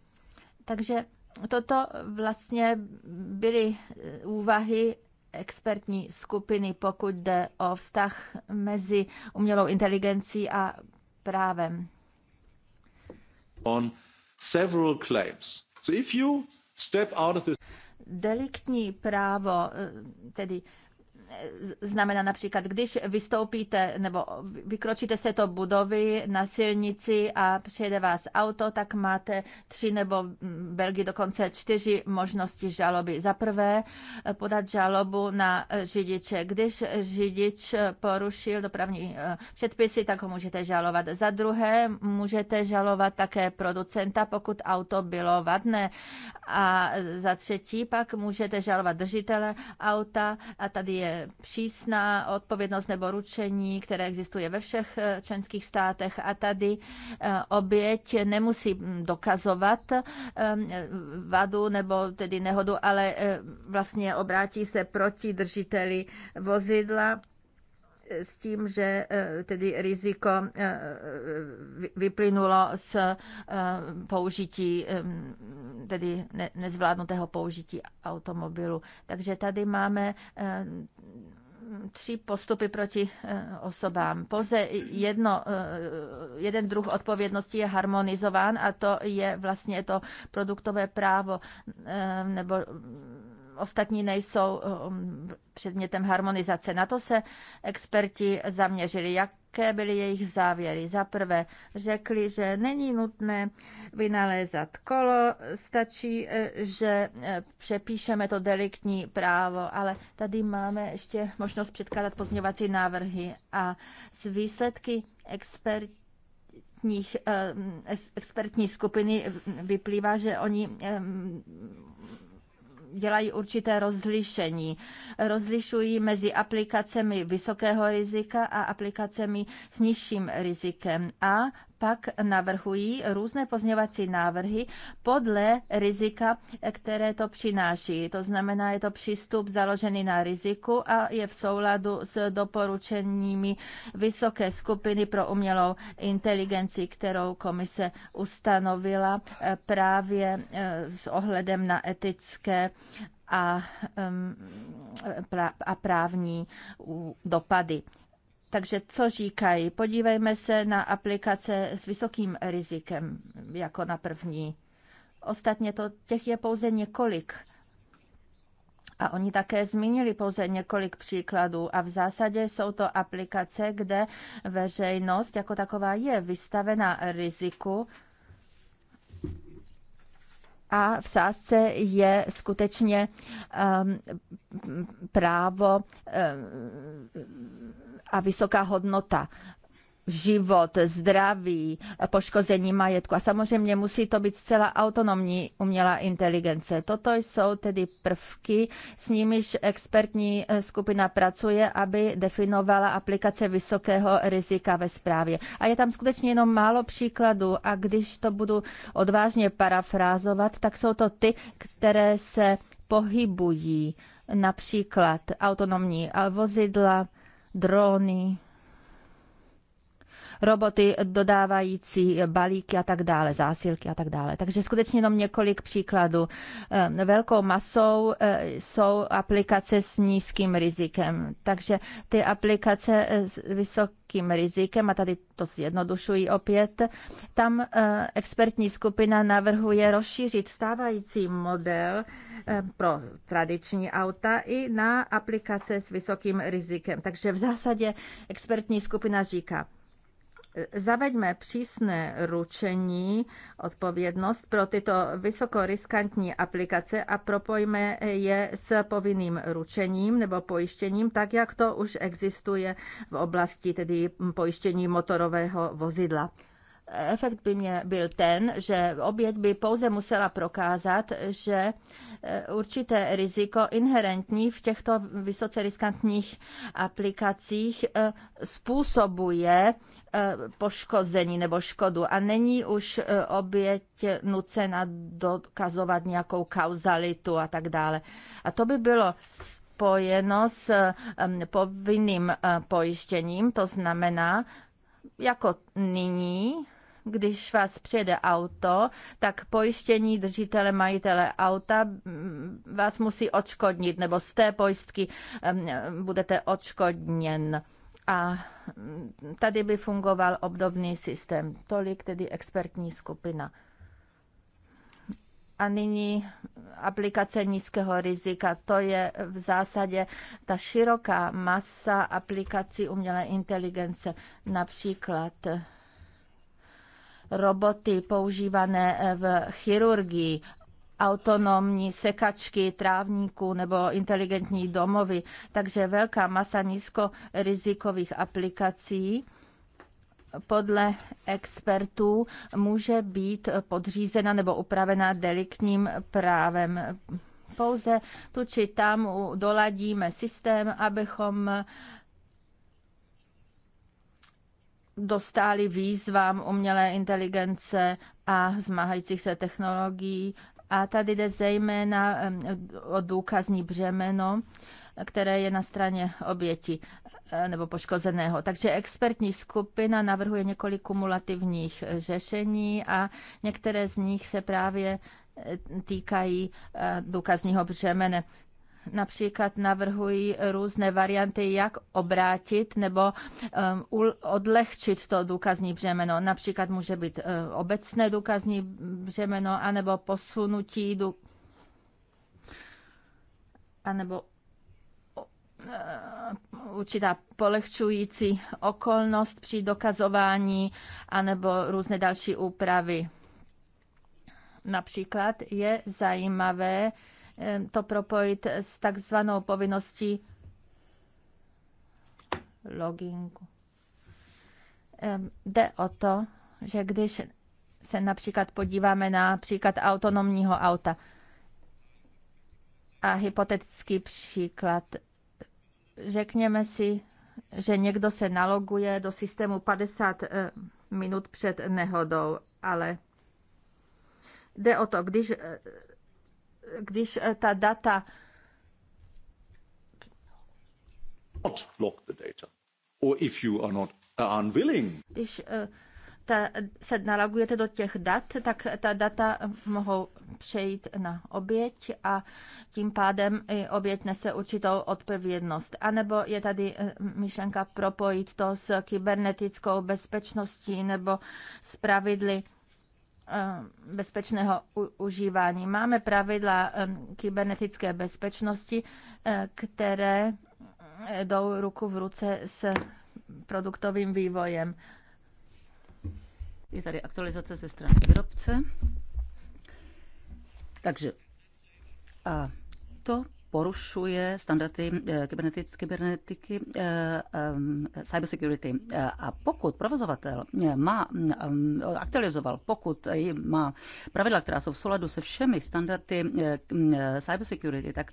Takže toto vlastně byly eh, úvahy expertní skupiny, pokud jde o vztah mezi umělou inteligencí a právem. On several claims. So if you step out of this... Deliktní právo, eh, tedy znamená například, když vystoupíte nebo vykročíte z této budovy na silnici a přijede vás auto, tak máte tři nebo v mm, Belgii dokonce čtyři možnosti žaloby. Za prvé podat žalobu na řidiče. Když řidič porušil dopravní eh, předpisy, tak ho můžete žalovat. Za druhé můžete žalovat také producenta, pokud auto bylo vadné. A za třetí pak můžete žalovat držitele auta a tady je přísná odpovědnost nebo ručení, které existuje ve všech eh, členských státech a tady eh, oběť nemusí hm, dokazovat ehm, vadu nebo tedy nehodu, ale eh, vlastně obrátí se proti držiteli vozidla s tím, že eh, tedy riziko eh, vyplynulo z eh, použití, tedy nezvládnutého použití automobilu. Takže tady máme tři postupy proti osobám. Pouze jedno, jeden druh odpovědnosti je harmonizován a to je vlastně to produktové právo nebo ostatní nejsou eh, um, předmětem harmonizace. Na to se experti zaměřili. Jaké byly jejich závěry? Za prvé řekli, že není nutné vynalézat kolo, stačí, eh, že eh, přepíšeme to deliktní právo, ale tady máme ještě možnost předkládat pozměňovací návrhy a z výsledky expert expertní skupiny vyplývá, že oni dělají určité rozlišení. Rozlišují mezi aplikacemi vysokého rizika a aplikacemi s nižším rizikem a pak navrhují různé pozměňovací návrhy podle rizika, které to přináší. To znamená, je to přístup založený na riziku a je v souladu s doporučeními vysoké skupiny pro umělou inteligenci, kterou komise ustanovila eh, právě eh, s ohledem na etické a, a právní dopady takže co říkají? Podívejme se na aplikace s vysokým rizikem jako na první. Ostatně to těch je pouze několik. A oni také zmínili pouze několik příkladů a v zásadě jsou to aplikace, kde veřejnost jako taková je vystavena riziku a v sázce je skutečně um, právo um, a vysoká hodnota život, zdraví, poškození majetku. A samozřejmě musí to být zcela autonomní umělá inteligence. Toto jsou tedy prvky, s nimiž expertní eh, skupina pracuje, aby definovala aplikace vysokého rizika ve správě. A je tam skutečně jenom málo příkladů a když to budu odvážně parafrázovat, tak jsou to ty, které se pohybují, například autonomní vozidla, drony, roboty dodávající balíky a tak dále, zásilky a tak dále. Takže skutečně jenom několik příkladů. Velkou masou e, jsou aplikace s nízkým rizikem. Takže ty aplikace e, s vysokým rizikem, a tady to zjednodušuji opět, tam e, expertní skupina navrhuje rozšířit stávající model pro tradiční auta i na aplikace s vysokým rizikem. Takže v zásadě expertní skupina říká, Zaveďme přísné ručení, odpovědnost pro tyto vysokoriskantní aplikace a propojme je s povinným ručením nebo pojištěním, tak jak to už existuje v oblasti tedy pojištění motorového vozidla. Efekt by mě byl ten, že oběť by pouze musela prokázat, že e, určité riziko inherentní v těchto vysoce riskantních aplikacích e, způsobuje e, poškození nebo škodu a není už oběť nucena dokazovat nějakou kauzalitu a tak dále. A to by bylo spojeno s povinným pojištěním, to znamená, jako nyní když vás přijede auto, tak pojištění držitele majitele auta vás musí odškodnit, nebo z té pojistky budete odškodněn. A tady by fungoval obdobný systém. Tolik tedy expertní skupina. A nyní aplikace nízkého rizika. To je v zásadě ta široká masa aplikací umělé inteligence. Například roboty používané eh, v chirurgii, autonomní sekačky trávníků nebo inteligentní domovy. Takže velká masa nízkorizikových aplikací podle expertů může být podřízena nebo upravena deliktním právem pouze tu či tam doladíme systém, abychom dostáli výzvám umělé inteligence a zmáhajících se technologií. A tady jde zejména o důkazní břemeno, které je na straně oběti e, nebo poškozeného. Takže expertní skupina navrhuje několik kumulativních řešení a některé z nich se právě e, týkají e, důkazního břemene například navrhují různé varianty, jak obrátit nebo um, odlehčit to důkazní břemeno. Například může být uh, obecné důkazní břemeno, anebo posunutí, dů... anebo uh, určitá polehčující okolnost při dokazování anebo různé další úpravy. Například je zajímavé, to propojit s takzvanou povinností logingu. Jde o to, že když se například podíváme na příklad autonomního auta a hypotetický příklad, řekněme si, že někdo se naloguje do systému 50 eh, minut před nehodou, ale jde o to, když eh, když eh, ta data když eh, ta, se nalagujete do těch dat, tak ta data mohou přejít na oběť a tím pádem i oběť nese určitou odpovědnost. A nebo je tady eh, myšlenka propojit to s kybernetickou bezpečností nebo s pravidly Eh, bezpečného užívání. Máme pravidla eh, kybernetické bezpečnosti, eh, které jdou ruku v ruce s produktovým vývojem. Je tady aktualizace ze strany výrobce. Takže a to porušuje standardy eh, kybernetiky, eh, eh, cyber security. A pokud provozovatel má, mm, aktualizoval, pokud má pravidla, která jsou v souladu se všemi standardy mm, cyber security, tak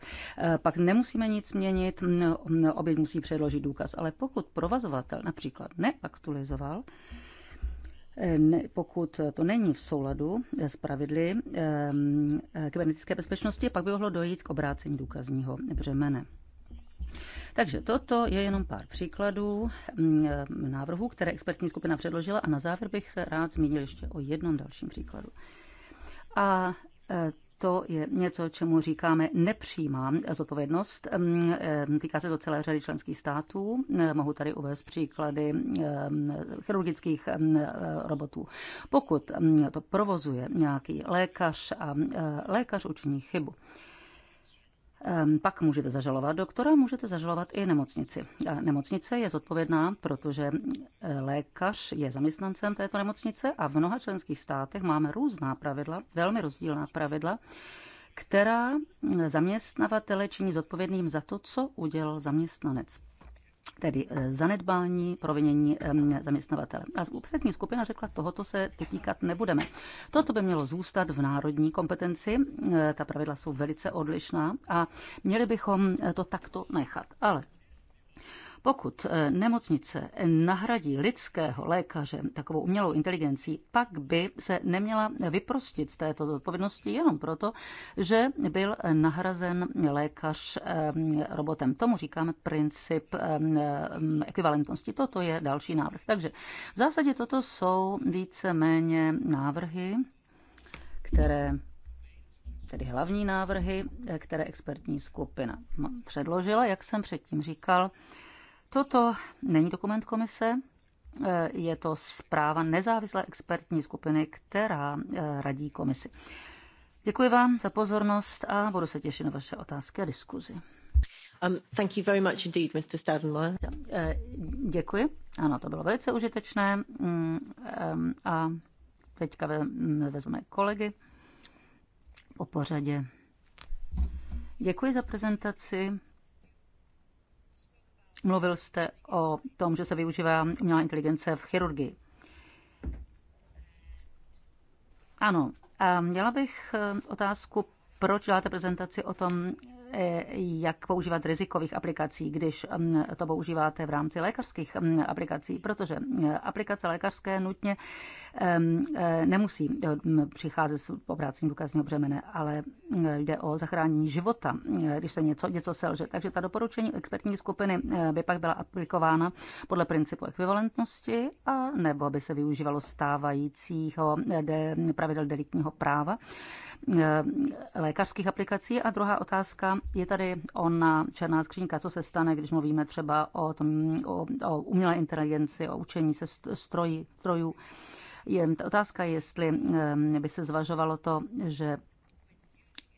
pak nemusíme nic měnit, mm, oběť musí předložit důkaz. Ale pokud provozovatel například neaktualizoval, pokud to není v souladu s pravidly eh, kybernetické bezpečnosti, pak by mohlo dojít k obrácení důkazního břemene. Takže toto je jenom pár příkladů mm, eh, návrhů, které expertní skupina předložila a na závěr bych se rád zmínil ještě o jednom dalším příkladu. A eh, to je něco, čemu říkáme nepřímá zodpovědnost. Týká se to celé řady členských států. Mohu tady uvést příklady chirurgických robotů. Pokud to provozuje nějaký lékař a lékař učiní chybu, pak můžete zažalovat doktora, můžete zažalovat i nemocnici. nemocnice je zodpovědná, protože lékař je zaměstnancem této nemocnice a v mnoha členských státech máme různá pravidla, velmi rozdílná pravidla, která zaměstnavatele činí zodpovědným za to, co udělal zaměstnanec tedy eh, zanedbání, provinění zaměstnavatele. A ústřední skupina řekla, tohoto se dotýkat nebudeme. Toto by mělo zůstat v národní kompetenci, eh, ta pravidla jsou velice odlišná a měli bychom eh, to takto nechat. Ale pokud eh, nemocnice nahradí lidského lékaře takovou umělou inteligencí, pak by se neměla vyprostit z této zodpovědnosti jenom proto, že byl nahrazen lékař eh, robotem. Tomu říkáme princip eh, mm, ekvivalentnosti. Toto je další návrh. Takže v zásadě toto jsou více-méně návrhy, které tedy hlavní návrhy, které expertní skupina předložila, jak jsem předtím říkal, Toto není dokument komise, eh, je to zpráva nezávislé expertní skupiny, která eh, radí komisi. Děkuji vám za pozornost a budu se těšit na vaše otázky a diskuzi. Um, thank you very much indeed, Mr. Stadenmeyer. Eh, děkuji. Ano, to bylo velice užitečné. Mm, a teďka mm, vezmeme kolegy po pořadě. Děkuji za prezentaci. Mluvil jste o tom, že se využívá umělá inteligence v chirurgii. Ano, a měla bych eh, otázku, proč děláte prezentaci o tom, jak používat rizikových aplikací, když mm, to používáte v rámci lékařských mm, aplikací, protože mm, aplikace lékařské nutně eh, nemusí eh, přicházet s obrácením důkazního břemene, ale jde o zachránění života, když se něco, něco selže. Takže ta doporučení expertní skupiny eh, by pak byla aplikována podle principu ekvivalentnosti a nebo by se využívalo stávajícího de, pravidel deliktního práva lékařských aplikací. A druhá otázka, je tady ona černá skřínka, co se stane, když mluvíme třeba o, tom, o, o umělé inteligenci, o učení se stroji, strojů. Je, otázka jestli eh, by se zvažovalo to, že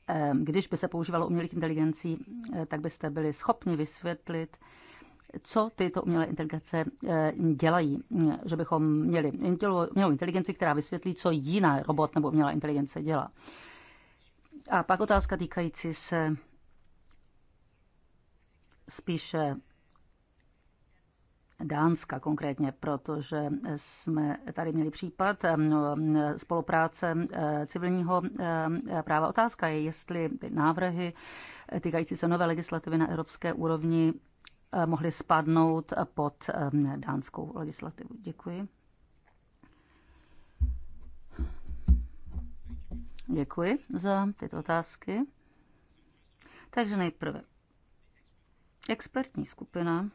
eh, když by se používalo umělých inteligencí, eh, tak byste byli schopni vysvětlit, co tyto umělé inteligence dělají. Že bychom měli umělou inteligenci, která vysvětlí, co jiná robot nebo umělá inteligence dělá. A pak otázka týkající se spíše Dánska konkrétně, protože jsme tady měli případ eh, spolupráce eh, civilního eh, práva. Otázka je, jestli návrhy týkající se nové legislativy na evropské úrovni mohly spadnout pod dánskou legislativu. Děkuji. Děkuji za tyto otázky. Takže nejprve Expertní skupina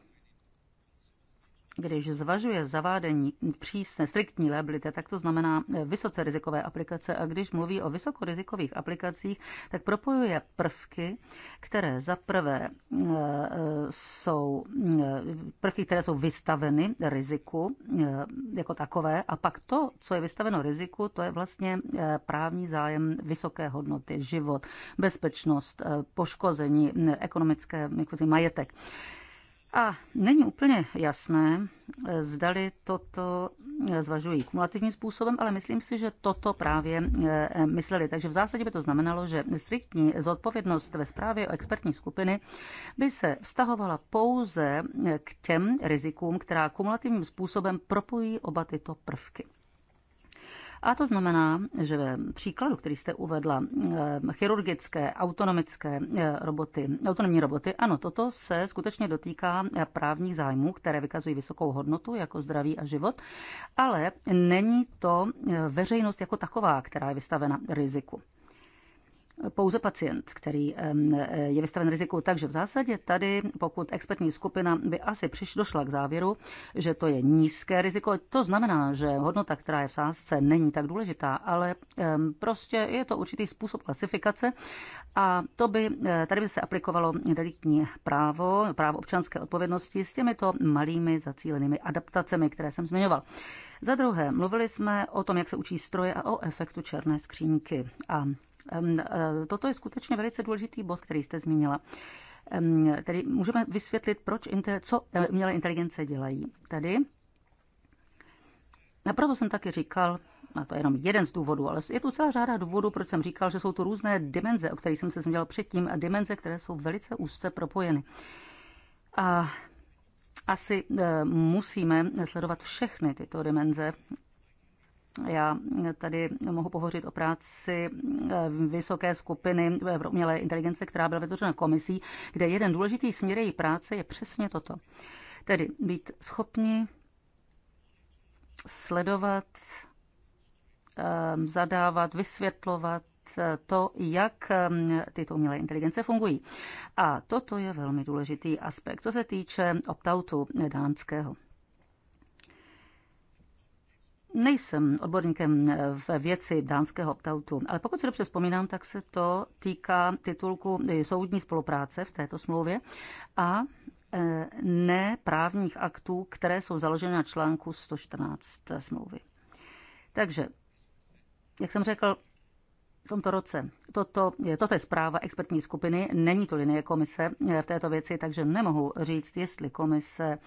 když zvažuje zavádění přísné, striktní liability, tak to znamená eh, vysoce rizikové aplikace a když mluví o vysokorizikových aplikacích, tak propojuje prvky, které za prvé eh, eh, jsou prvky, které jsou vystaveny riziku jako takové a pak to, co je vystaveno riziku, to je vlastně právní zájem vysoké hodnoty, život, bezpečnost, poškození, ekonomické majetek. A není úplně jasné, zdali toto zvažují kumulativním způsobem, ale myslím si, že toto právě eh, mysleli. Takže v zásadě by to znamenalo, že striktní zodpovědnost ve zprávě o expertní skupiny by se vztahovala pouze k těm rizikům, která kumulativním způsobem propojí oba tyto prvky. A to znamená, že ve příkladu, který jste uvedla, eh, chirurgické, autonomické eh, roboty, autonomní roboty, ano, toto se skutečně dotýká eh, právních zájmů, které vykazují vysokou hodnotu jako zdraví a život, ale není to veřejnost jako taková, která je vystavena riziku pouze pacient, který je vystaven riziku. Takže v zásadě tady, pokud expertní skupina by asi přišla došla k závěru, že to je nízké riziko, to znamená, že hodnota, která je v sázce, není tak důležitá, ale prostě je to určitý způsob klasifikace a to by, eh, tady by se aplikovalo deliktní právo, právo občanské odpovědnosti s těmito malými zacílenými adaptacemi, které jsem zmiňoval. Za druhé, mluvili jsme o tom, jak se učí stroje a o efektu černé skřínky. A E, toto je skutečně velice důležitý bod, který jste zmínila. Tedy můžeme vysvětlit, proč, co e, umělé inteligence dělají. Tady a proto jsem taky říkal, a to je jenom jeden z důvodů, ale je tu celá řada důvodů, proč jsem říkal, že jsou tu různé dimenze, o kterých jsem se zmínil předtím, a dimenze, které jsou velice úzce propojeny. A asi e, musíme sledovat všechny tyto dimenze já tady mohu pohořit o práci eh, vysoké skupiny eh, pro umělé inteligence, která byla vytvořena komisí, kde jeden důležitý směr její práce je přesně toto. Tedy být schopni sledovat, eh, zadávat, vysvětlovat to, jak tyto umělé inteligence fungují. A toto je velmi důležitý aspekt, co se týče optautu dánského. Nejsem odborníkem eh, v věci dánského optautu, ale pokud si dobře vzpomínám, tak se to týká titulku eh, soudní spolupráce v této smlouvě a eh, ne právních aktů, které jsou založeny na článku 114 smlouvy. Takže, jak jsem řekl, v tomto roce. Toto, toto je zpráva expertní skupiny, není to linie komise v této věci, takže nemohu říct, jestli komise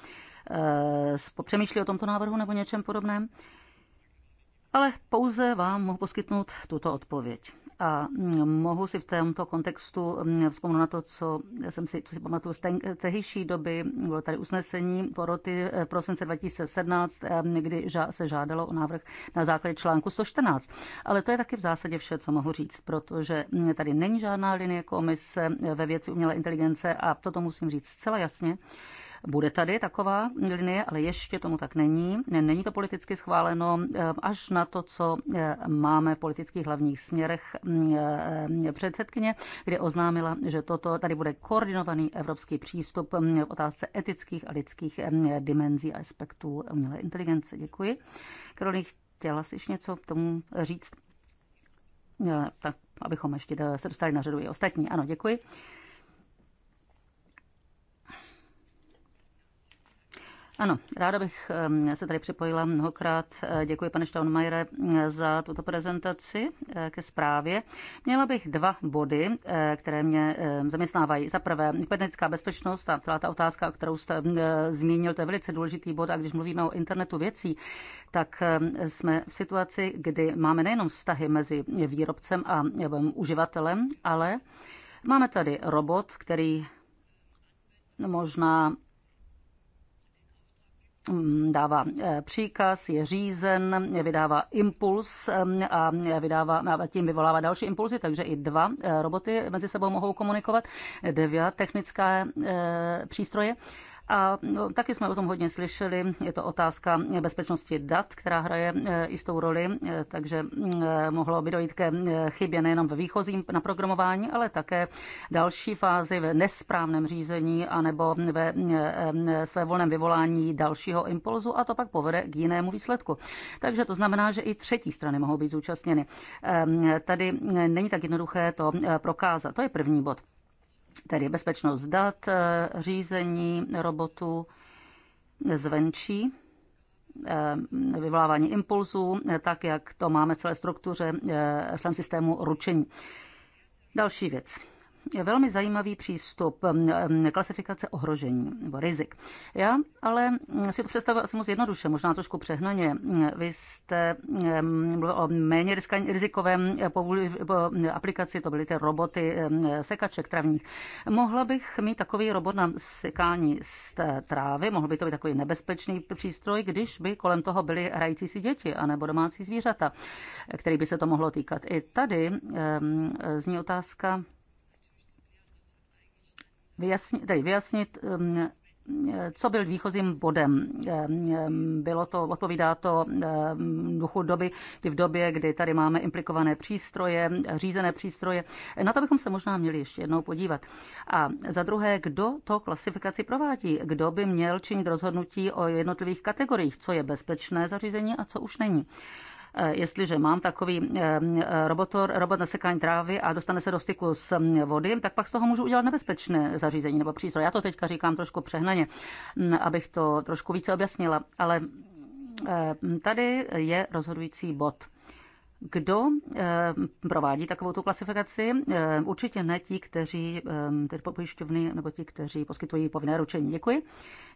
e, přemýšlí o tomto návrhu nebo něčem podobném. E, ale pouze vám mohu poskytnout tuto odpověď. A mohu si v tomto kontextu mm, vzpomenout na to, co jsem si, co si pamatuju z tehdejší doby. Bylo tady usnesení poroty v eh, prosince 2017, eh, kdy se žádalo o návrh na základě článku 114. Ale to je taky v zásadě vše, co mohu říct, protože mm, tady není žádná linie komise eh, ve věci umělé inteligence a toto musím říct zcela jasně bude tady taková linie, ale ještě tomu tak není. Není to politicky schváleno eh, až na to, co eh, máme v politických hlavních směrech mm, eh, předsedkyně, kde oznámila, že toto tady bude koordinovaný evropský přístup mm, v otázce etických a lidských mm, dimenzí a aspektů umělé inteligence. Děkuji. Karolí, chtěla jsi něco k tomu říct? Tak, abychom ještě se dostali na řadu i ostatní. Ano, děkuji. Ano, ráda bych se tady připojila mnohokrát. E, děkuji, pane Štaunmajere, za tuto prezentaci e, ke zprávě. Měla bych dva body, e, které mě zaměstnávají. Za prvé, kybernetická bezpečnost a celá ta otázka, kterou jste zmínil, to je velice důležitý bod. A když mluvíme o internetu věcí, tak jsme v situaci, kdy máme nejenom vztahy mezi výrobcem a uživatelem, ale máme tady robot, který no, možná Mm, dává eh, příkaz, je řízen, vydává impuls eh, a, vydává, tím vyvolává další impulzy, takže i dva eh, roboty mezi sebou mohou komunikovat, devět technické přístroje. A no, taky jsme o tom hodně slyšeli. Je to otázka bezpečnosti dat, která hraje e, jistou roli, e, takže mm, e, mohlo by dojít ke chybě nejenom ve výchozím naprogramování, ale také další fázi ve nesprávném řízení anebo ve své volném vyvolání dalšího impulzu a to pak povede k jinému výsledku. Takže to znamená, že i třetí strany mohou být zúčastněny. Tady není tak jednoduché to prokázat. To je první bod tedy bezpečnost dat, eh, řízení robotů zvenčí, eh, vyvolávání impulzů, eh, tak jak to máme v celé struktuře v systému ručení. Další věc je velmi zajímavý přístup mm, mm, klasifikace ohrožení nebo rizik. Já ale mm, si to představuji asi moc jednoduše, možná trošku přehnaně. Vy jste mluvil o méně rizikovém eh, aplikaci, to byly ty roboty sekaček travních. Mohla bych mít takový robot na sekání z trávy, mohl by to být takový nebezpečný přístroj, když by kolem toho byly hrající si děti anebo domácí zvířata, který by se to mohlo týkat. I tady eh, zní otázka, vyjasnit, tedy vyjasnit um, co byl výchozím bodem. Um, bylo to, odpovídá to um, duchu doby, kdy v době, kdy tady máme implikované přístroje, řízené přístroje. Na to bychom se možná měli ještě jednou podívat. A za druhé, kdo to klasifikaci provádí? Kdo by měl činit rozhodnutí o jednotlivých kategoriích, co je bezpečné zařízení a co už není? Eh, jestliže mám takový eh, eh, robotor, robot na sekání trávy a dostane se do styku s mm, vody, tak pak z toho můžu udělat nebezpečné zařízení nebo přístroj. Já to teďka říkám trošku přehnaně, mm, abych to trošku více objasnila, ale mm, tady je rozhodující bod kdo provádí takovou tu klasifikaci? Určitě ne ti, kteří, tedy pojišťovny, nebo ti, kteří poskytují povinné ručení. Děkuji.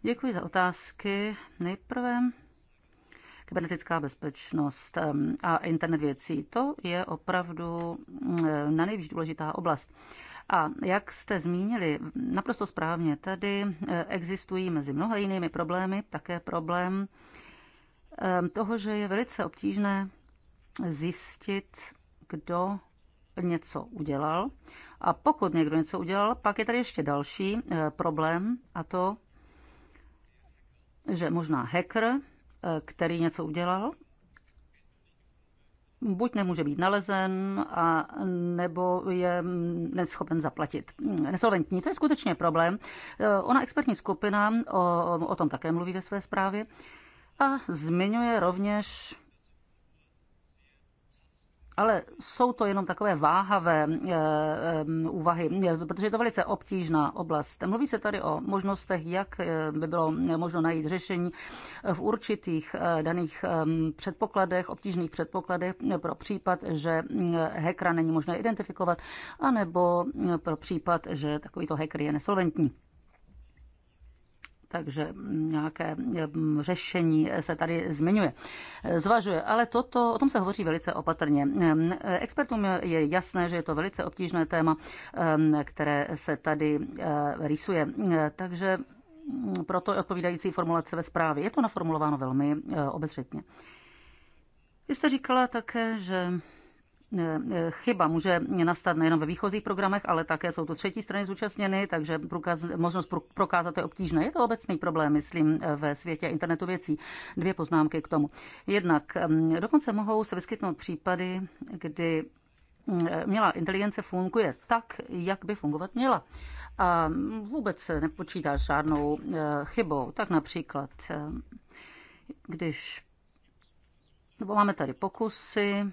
Děkuji za otázky. Nejprve kybernetická bezpečnost a internet věcí. To je opravdu na nejvíc důležitá oblast. A jak jste zmínili, naprosto správně, tady existují mezi mnoha jinými problémy také problém toho, že je velice obtížné zjistit, kdo něco udělal. A pokud někdo něco udělal, pak je tady ještě další eh, problém, a to, že možná hacker který něco udělal, buď nemůže být nalezen, a nebo je neschopen zaplatit. Nesolventní, to je skutečně problém. Ona expertní skupina o, o tom také mluví ve své zprávě a zmiňuje rovněž ale jsou to jenom takové váhavé eh, eh, úvahy, protože je to velice obtížná oblast. Mluví se tady o možnostech, jak eh, by bylo možno najít řešení v určitých daných předpokladech, obtížných předpokladech pro případ, že hekra není možné identifikovat, anebo pro případ, že takovýto hacker je nesolventní takže nějaké mm, řešení se tady zmiňuje, zvažuje. Ale toto, o tom se hovoří velice opatrně. Ehm, expertům je jasné, že je to velice obtížné téma, ehm, které se tady eh, rýsuje. Takže mm, proto odpovídající formulace ve zprávě. Je to naformulováno velmi eh, obezřetně. Vy jste říkala také, že Eh, eh, chyba může nastat nejen ve výchozích programech, ale také jsou to třetí strany zúčastněny, takže průkaz, možnost prokázat je obtížné. Je to obecný problém, myslím, eh, ve světě internetu věcí. Dvě poznámky k tomu. Jednak ehm, dokonce mohou se vyskytnout případy, kdy mm, měla inteligence funguje tak, jak by fungovat měla. A vůbec se nepočítá žádnou chybou. Tak například, ehm, když nebo máme tady pokusy,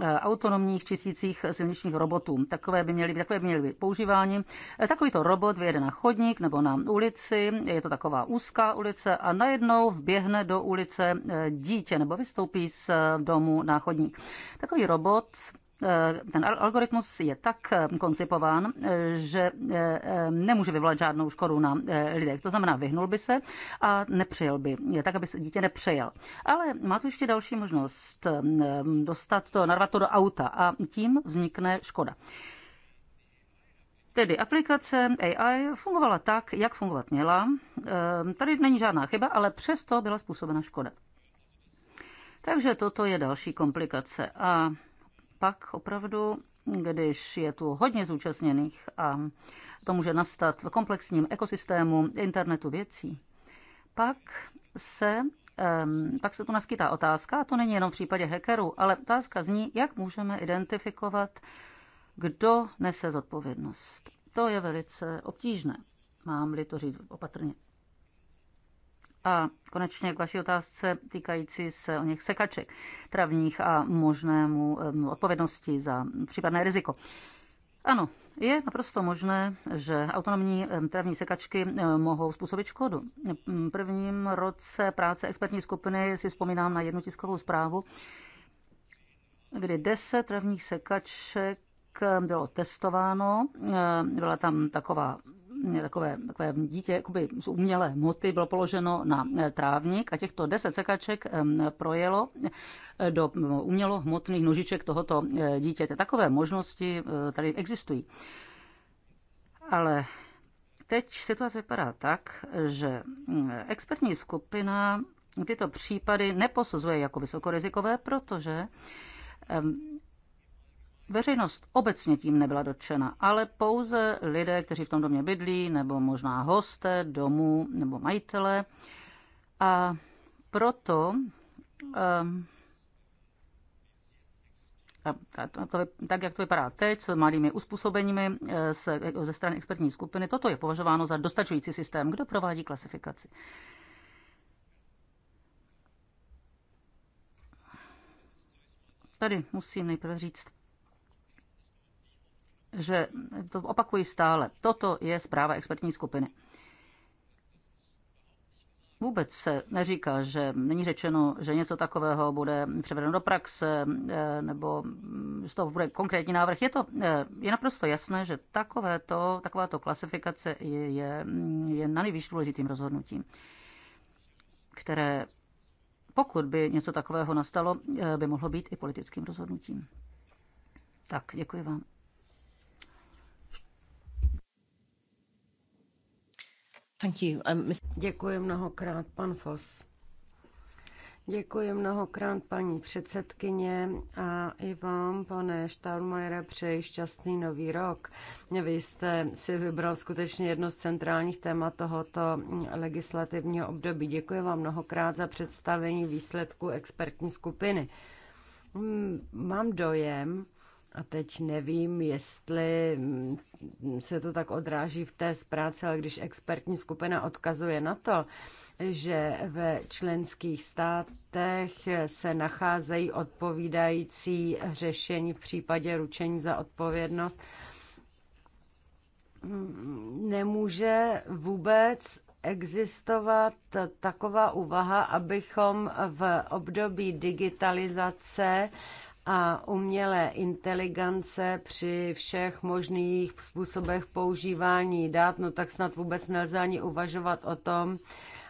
Eh, autonomních čistících silničních robotů. Takové by měly, takové by měly být používání. Eh, takovýto robot vyjede na chodník nebo na ulici, je to taková úzká ulice a najednou vběhne do ulice eh, dítě nebo vystoupí z domu na chodník. Takový robot Eh, ten algoritmus je tak eh, koncipován, eh, že nemůže vyvolat žádnou škodu na lidech. To znamená, vyhnul by se a nepřijel by, tak aby se dítě nepřejel. Ale má tu ještě další možnost dostat to, narvat to do auta a tím vznikne škoda. Tedy aplikace AI fungovala tak, jak fungovat měla. Tady není žádná chyba, ale přesto byla způsobena škoda. Takže toto je další komplikace. A pak opravdu, když je tu hodně zúčastněných a to může nastat v komplexním ekosystému internetu věcí, pak se pak se tu naskytá otázka, a to není jenom v případě hackerů, ale otázka zní, jak můžeme identifikovat, kdo nese zodpovědnost. To je velice obtížné, mám-li to říct opatrně. A konečně k vaší otázce týkající se o něch sekaček travních a možnému odpovědnosti za případné riziko. Ano, je naprosto možné, že autonomní travní sekačky mohou způsobit škodu. V prvním roce práce expertní skupiny si vzpomínám na jednu tiskovou zprávu, kdy deset travních sekaček bylo testováno. Byla tam taková takové, takové dítě jakoby z umělé moty bylo položeno na eh, trávník a těchto deset sekaček projelo eh, do hmotných nožiček tohoto eh, dítěte. Takové možnosti tady existují. Ale teď situace vypadá tak, že mm, expertní skupina tyto případy neposuzuje jako vysokorizikové, protože Veřejnost obecně tím nebyla dotčena, ale pouze lidé, kteří v tom domě bydlí, nebo možná hosté domů nebo majitele. A proto um, tak, jak to vypadá teď, s malými uspůsobeními eh, jako ze strany expertní skupiny, toto je považováno za dostačující systém, kdo provádí klasifikaci. Tady musím nejprve říct že to opakuji stále, toto je zpráva expertní skupiny. Vůbec se neříká, že není řečeno, že něco takového bude převedeno do praxe eh, nebo že toho bude konkrétní návrh. Je to eh, je naprosto jasné, že takovéto, takováto klasifikace je, je, je na nejvýš důležitým rozhodnutím, které pokud by něco takového nastalo, eh, by mohlo být i politickým rozhodnutím. Tak, děkuji vám. Thank you. Um, Děkuji mnohokrát, pan Fos. Děkuji mnohokrát paní předsedkyně a i vám, pane Štaulmajere, přeji šťastný nový rok. Vy jste si vybral skutečně jedno z centrálních témat tohoto legislativního období. Děkuji vám mnohokrát za představení výsledku expertní skupiny. Hmm, mám dojem, a teď nevím, jestli se to tak odráží v té zpráce, ale když expertní skupina odkazuje na to, že ve členských státech se nacházejí odpovídající řešení v případě ručení za odpovědnost, nemůže vůbec existovat taková úvaha, abychom v období digitalizace a umělé inteligence při všech možných způsobech používání dát, no tak snad vůbec nelze ani uvažovat o tom,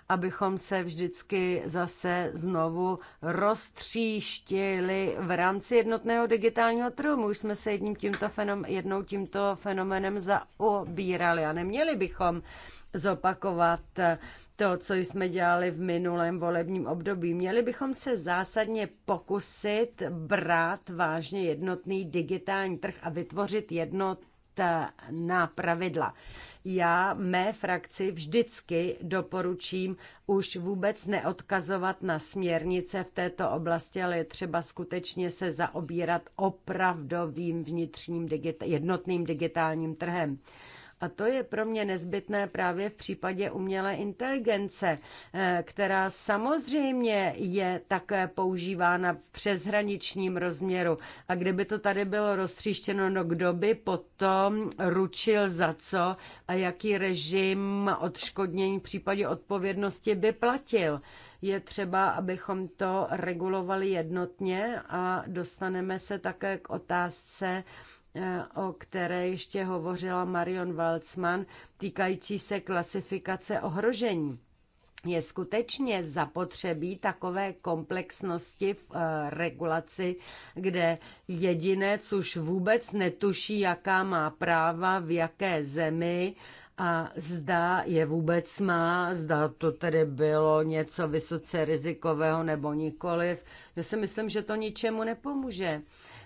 abychom se vždycky zase znovu roztříštili v rámci jednotného digitálního trhu. Už jsme se jedním tímto fenom, jednou tímto fenomenem zaobírali a neměli bychom zopakovat to, co jsme dělali v minulém volebním období. Měli bychom se zásadně pokusit brát vážně jednotný digitální trh a vytvořit jednot na pravidla. Já mé frakci vždycky doporučím už vůbec neodkazovat na směrnice v této oblasti, ale je třeba skutečně se zaobírat opravdovým vnitřním digita- jednotným digitálním trhem. A to je pro mě nezbytné právě v případě umělé inteligence, eh, která samozřejmě je také používána v přeshraničním rozměru. A kdyby to tady bylo roztříštěno, no kdo by potom ručil za co a jaký režim odškodnění v případě odpovědnosti by platil. Je třeba, abychom to regulovali jednotně a dostaneme se také k otázce, Eh, o které ještě hovořila Marion Waldsman, týkající se klasifikace ohrožení. Je skutečně zapotřebí takové komplexnosti v eh, regulaci, kde jedinec už vůbec netuší, jaká má práva, v jaké zemi a zda je vůbec má, zda to tedy bylo něco vysoce rizikového nebo nikoliv. Já si myslím, že to ničemu nepomůže.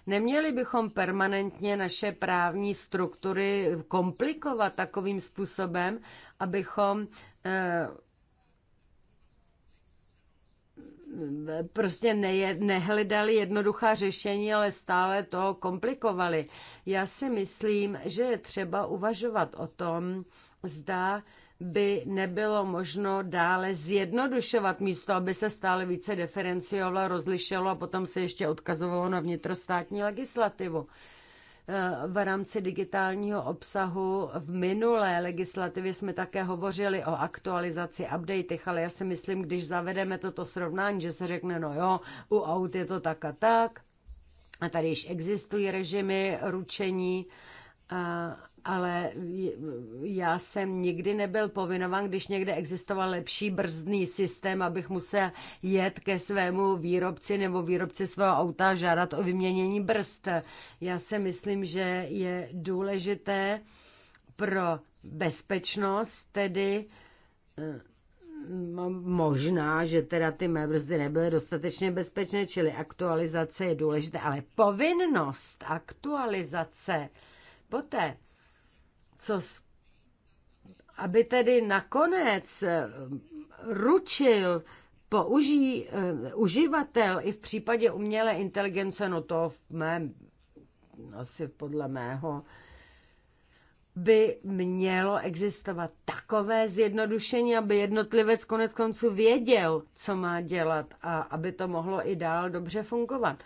Neměli bychom permanentně naše právní struktury komplikovat takovým způsobem, abychom eh, prostě ne, nehledali jednoduchá řešení, ale stále to komplikovali. Já si myslím, že je třeba uvažovat o tom, zda by nebylo možno dále zjednodušovat místo, aby se stále více diferenciovalo, rozlišilo a potom se ještě odkazovalo na vnitrostátní legislativu. Eh, v rámci digitálního obsahu v minulé legislativě jsme také hovořili o aktualizaci, updatech, ale já si myslím, když zavedeme toto srovnání, že se řekne, no jo, u aut je to tak a tak, a tady již existují režimy ručení, a ale já jsem nikdy nebyl povinován, když někde existoval lepší brzdný systém, abych musel jet ke svému výrobci nebo výrobci svého auta a žádat o vyměnění brzd. Já si myslím, že je důležité pro bezpečnost, tedy eh, možná, že teda ty mé brzdy nebyly dostatečně bezpečné, čili aktualizace je důležité, ale povinnost aktualizace poté, co, aby tedy nakonec eh, ručil použí uh, uživatel i v případě umělé inteligence, no to v mém, asi podle mého, by mělo existovat takové zjednodušení, aby jednotlivec konec konců věděl, co má dělat a aby to mohlo i dál dobře fungovat.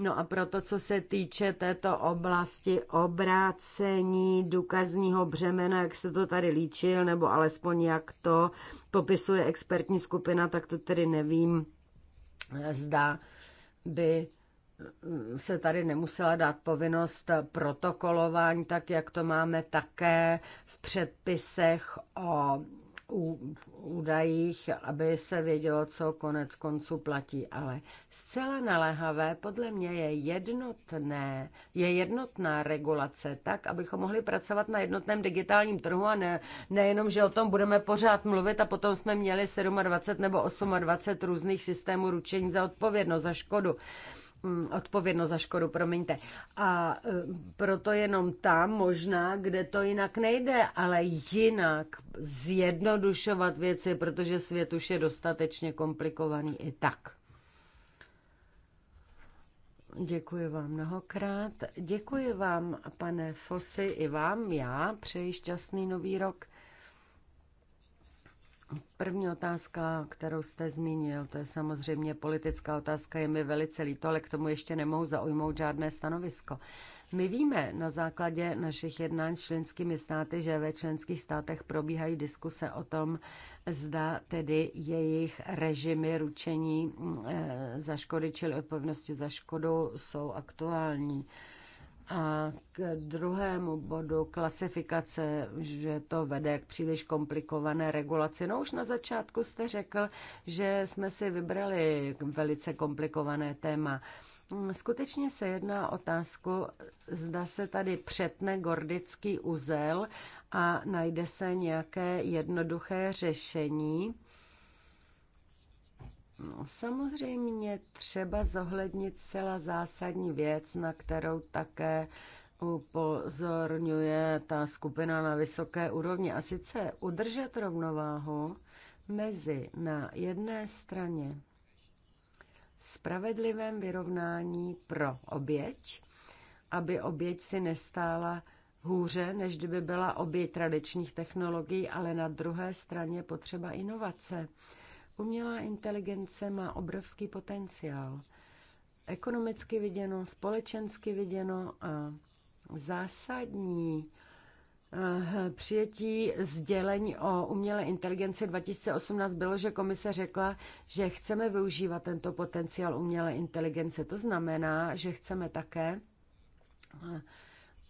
No a proto, co se týče této oblasti obrácení důkazního břemena, jak se to tady líčil, nebo alespoň jak to popisuje expertní skupina, tak to tedy nevím, zda by se tady nemusela dát povinnost protokolování, tak jak to máme také v předpisech o údajích, aby se vědělo, co konec konců platí. Ale zcela naléhavé podle mě je jednotné, je jednotná regulace tak, abychom mohli pracovat na jednotném digitálním trhu a ne, nejenom, že o tom budeme pořád mluvit a potom jsme měli 27 nebo 28 různých systémů ručení za odpovědnost, za škodu. Mm, odpovědnost za škodu, promiňte. A e, proto jenom tam možná, kde to jinak nejde, ale jinak zjednodušovat věci, protože svět už je dostatečně komplikovaný i tak. Děkuji vám mnohokrát. Děkuji vám, pane Fosy, i vám. Já přeji šťastný nový rok. První otázka, kterou jste zmínil, to je samozřejmě politická otázka, je mi velice líto, ale k tomu ještě nemohu zaujmout žádné stanovisko. My víme na základě našich jednání s členskými státy, že ve členských státech probíhají diskuse o tom, zda tedy jejich režimy ručení eh, za škody, čili odpovědnosti za škodu, jsou aktuální. A k druhému bodu klasifikace, že to vede k příliš komplikované regulaci. No už na začátku jste řekl, že jsme si vybrali velice komplikované téma. Skutečně se jedná o otázku, zda se tady přetne gordický uzel a najde se nějaké jednoduché řešení No, samozřejmě třeba zohlednit zcela zásadní věc, na kterou také upozorňuje ta skupina na vysoké úrovni. A sice udržet rovnováhu mezi na jedné straně spravedlivém vyrovnání pro oběť, aby oběť si nestála hůře, než kdyby byla oběť tradičních technologií, ale na druhé straně potřeba inovace Umělá inteligence má obrovský potenciál. Ekonomicky viděno, společensky viděno a zásadní eh, přijetí sdělení o umělé inteligenci 2018 bylo, že komise řekla, že chceme využívat tento potenciál umělé inteligence. To znamená, že chceme také eh,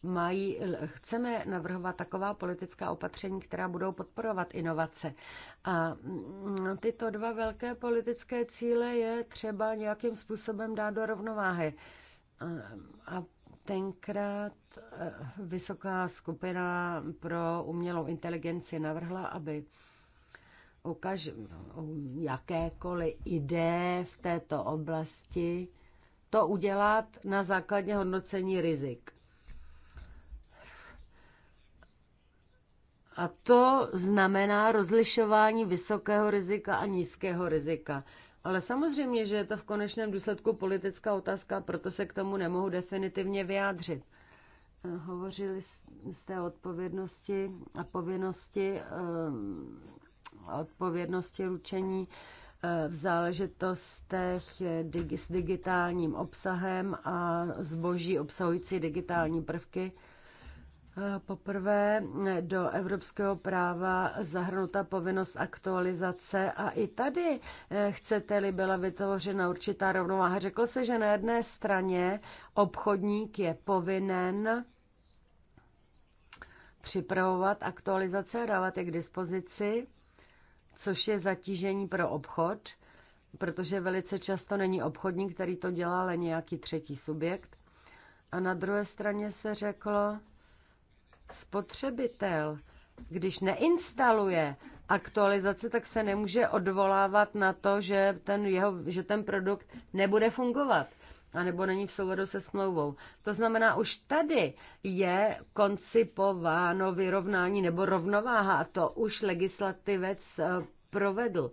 mají, chceme navrhovat taková politická opatření, která budou podporovat inovace. A mm, tyto dva velké politické cíle je třeba nějakým způsobem dát do rovnováhy. A tenkrát eh, vysoká skupina pro umělou inteligenci navrhla, aby o, no, jakékoliv ideje v této oblasti to udělat na základě hodnocení rizik. A to znamená rozlišování vysokého rizika a nízkého rizika. Ale samozřejmě, že je to v konečném důsledku politická otázka, proto se k tomu nemohu definitivně vyjádřit. Eh, hovořili jste o odpovědnosti a povinnosti, eh, odpovědnosti ručení eh, v záležitostech s digitálním obsahem a zboží obsahující digitální prvky poprvé do evropského práva zahrnuta povinnost aktualizace a i tady, eh, chcete-li, byla vytvořena určitá rovnováha. Řekl se, že na jedné straně obchodník je povinen připravovat aktualizace a dávat je k dispozici, což je zatížení pro obchod, protože velice často není obchodník, který to dělá, ale nějaký třetí subjekt. A na druhé straně se řeklo, spotřebitel, když neinstaluje aktualizace, tak se nemůže odvolávat na to, že ten, jeho, že ten produkt nebude fungovat a nebo není v souladu se smlouvou. To znamená, už tady je koncipováno vyrovnání nebo rovnováha a to už legislativec eh, provedl.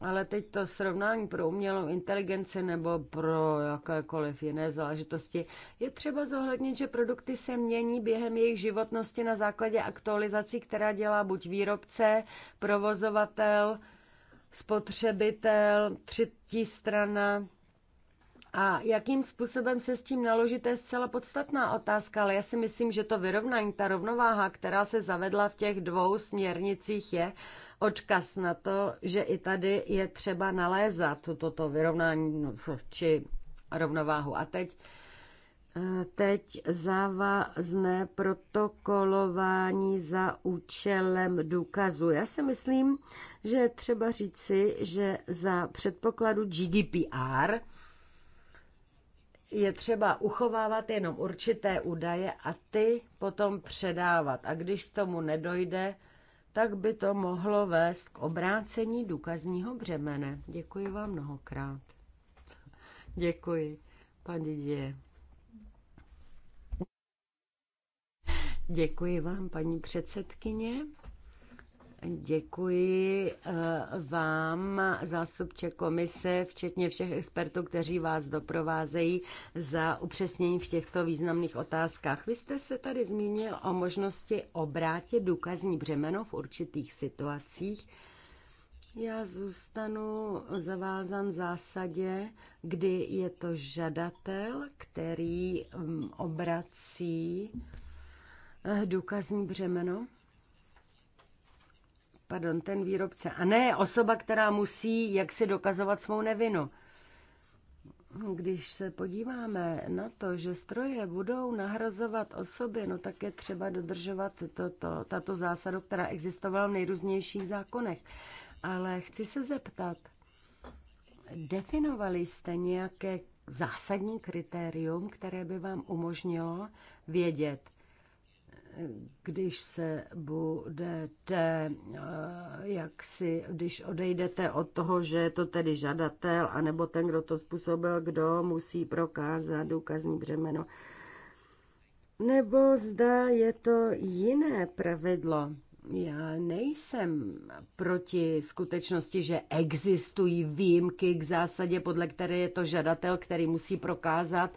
Ale teď to srovnání pro umělou inteligenci nebo pro jakékoliv jiné záležitosti je třeba zohlednit, že produkty se mění během jejich životnosti na základě aktualizací, která dělá buď výrobce, provozovatel, spotřebitel, třetí strana. A jakým způsobem se s tím naložit, je zcela podstatná otázka, ale já si myslím, že to vyrovnání, ta rovnováha, která se zavedla v těch dvou směrnicích, je, odkaz na to, že i tady je třeba nalézat toto vyrovnání no, či rovnováhu. A teď eh, teď závazné protokolování za účelem důkazu. Já si myslím, že je třeba říci, že za předpokladu GDPR je třeba uchovávat jenom určité údaje a ty potom předávat. A když k tomu nedojde, tak by to mohlo vést k obrácení důkazního břemene. Děkuji vám mnohokrát. Děkuji, pan Didier. Děkuji vám, paní předsedkyně. Děkuji eh, vám, zástupče komise, včetně všech expertů, kteří vás doprovázejí za upřesnění v těchto významných otázkách. Vy jste se tady zmínil o možnosti obrátit důkazní břemeno v určitých situacích. Já zůstanu zavázan zásadě, kdy je to žadatel, který mm, obrací eh, důkazní břemeno pardon, ten výrobce, a ne osoba, která musí jaksi dokazovat svou nevinu. Když se podíváme na to, že stroje budou nahrazovat osoby, no tak je třeba dodržovat toto, tato zásadu, která existovala v nejrůznějších zákonech. Ale chci se zeptat, definovali jste nějaké zásadní kritérium, které by vám umožnilo vědět, když se budete, eh, jak si, když odejdete od toho, že je to tedy žadatel, anebo ten, kdo to způsobil, kdo musí prokázat důkazní břemeno, nebo zda je to jiné pravidlo. Já nejsem proti skutečnosti, že existují výjimky k zásadě, podle které je to žadatel, který musí prokázat,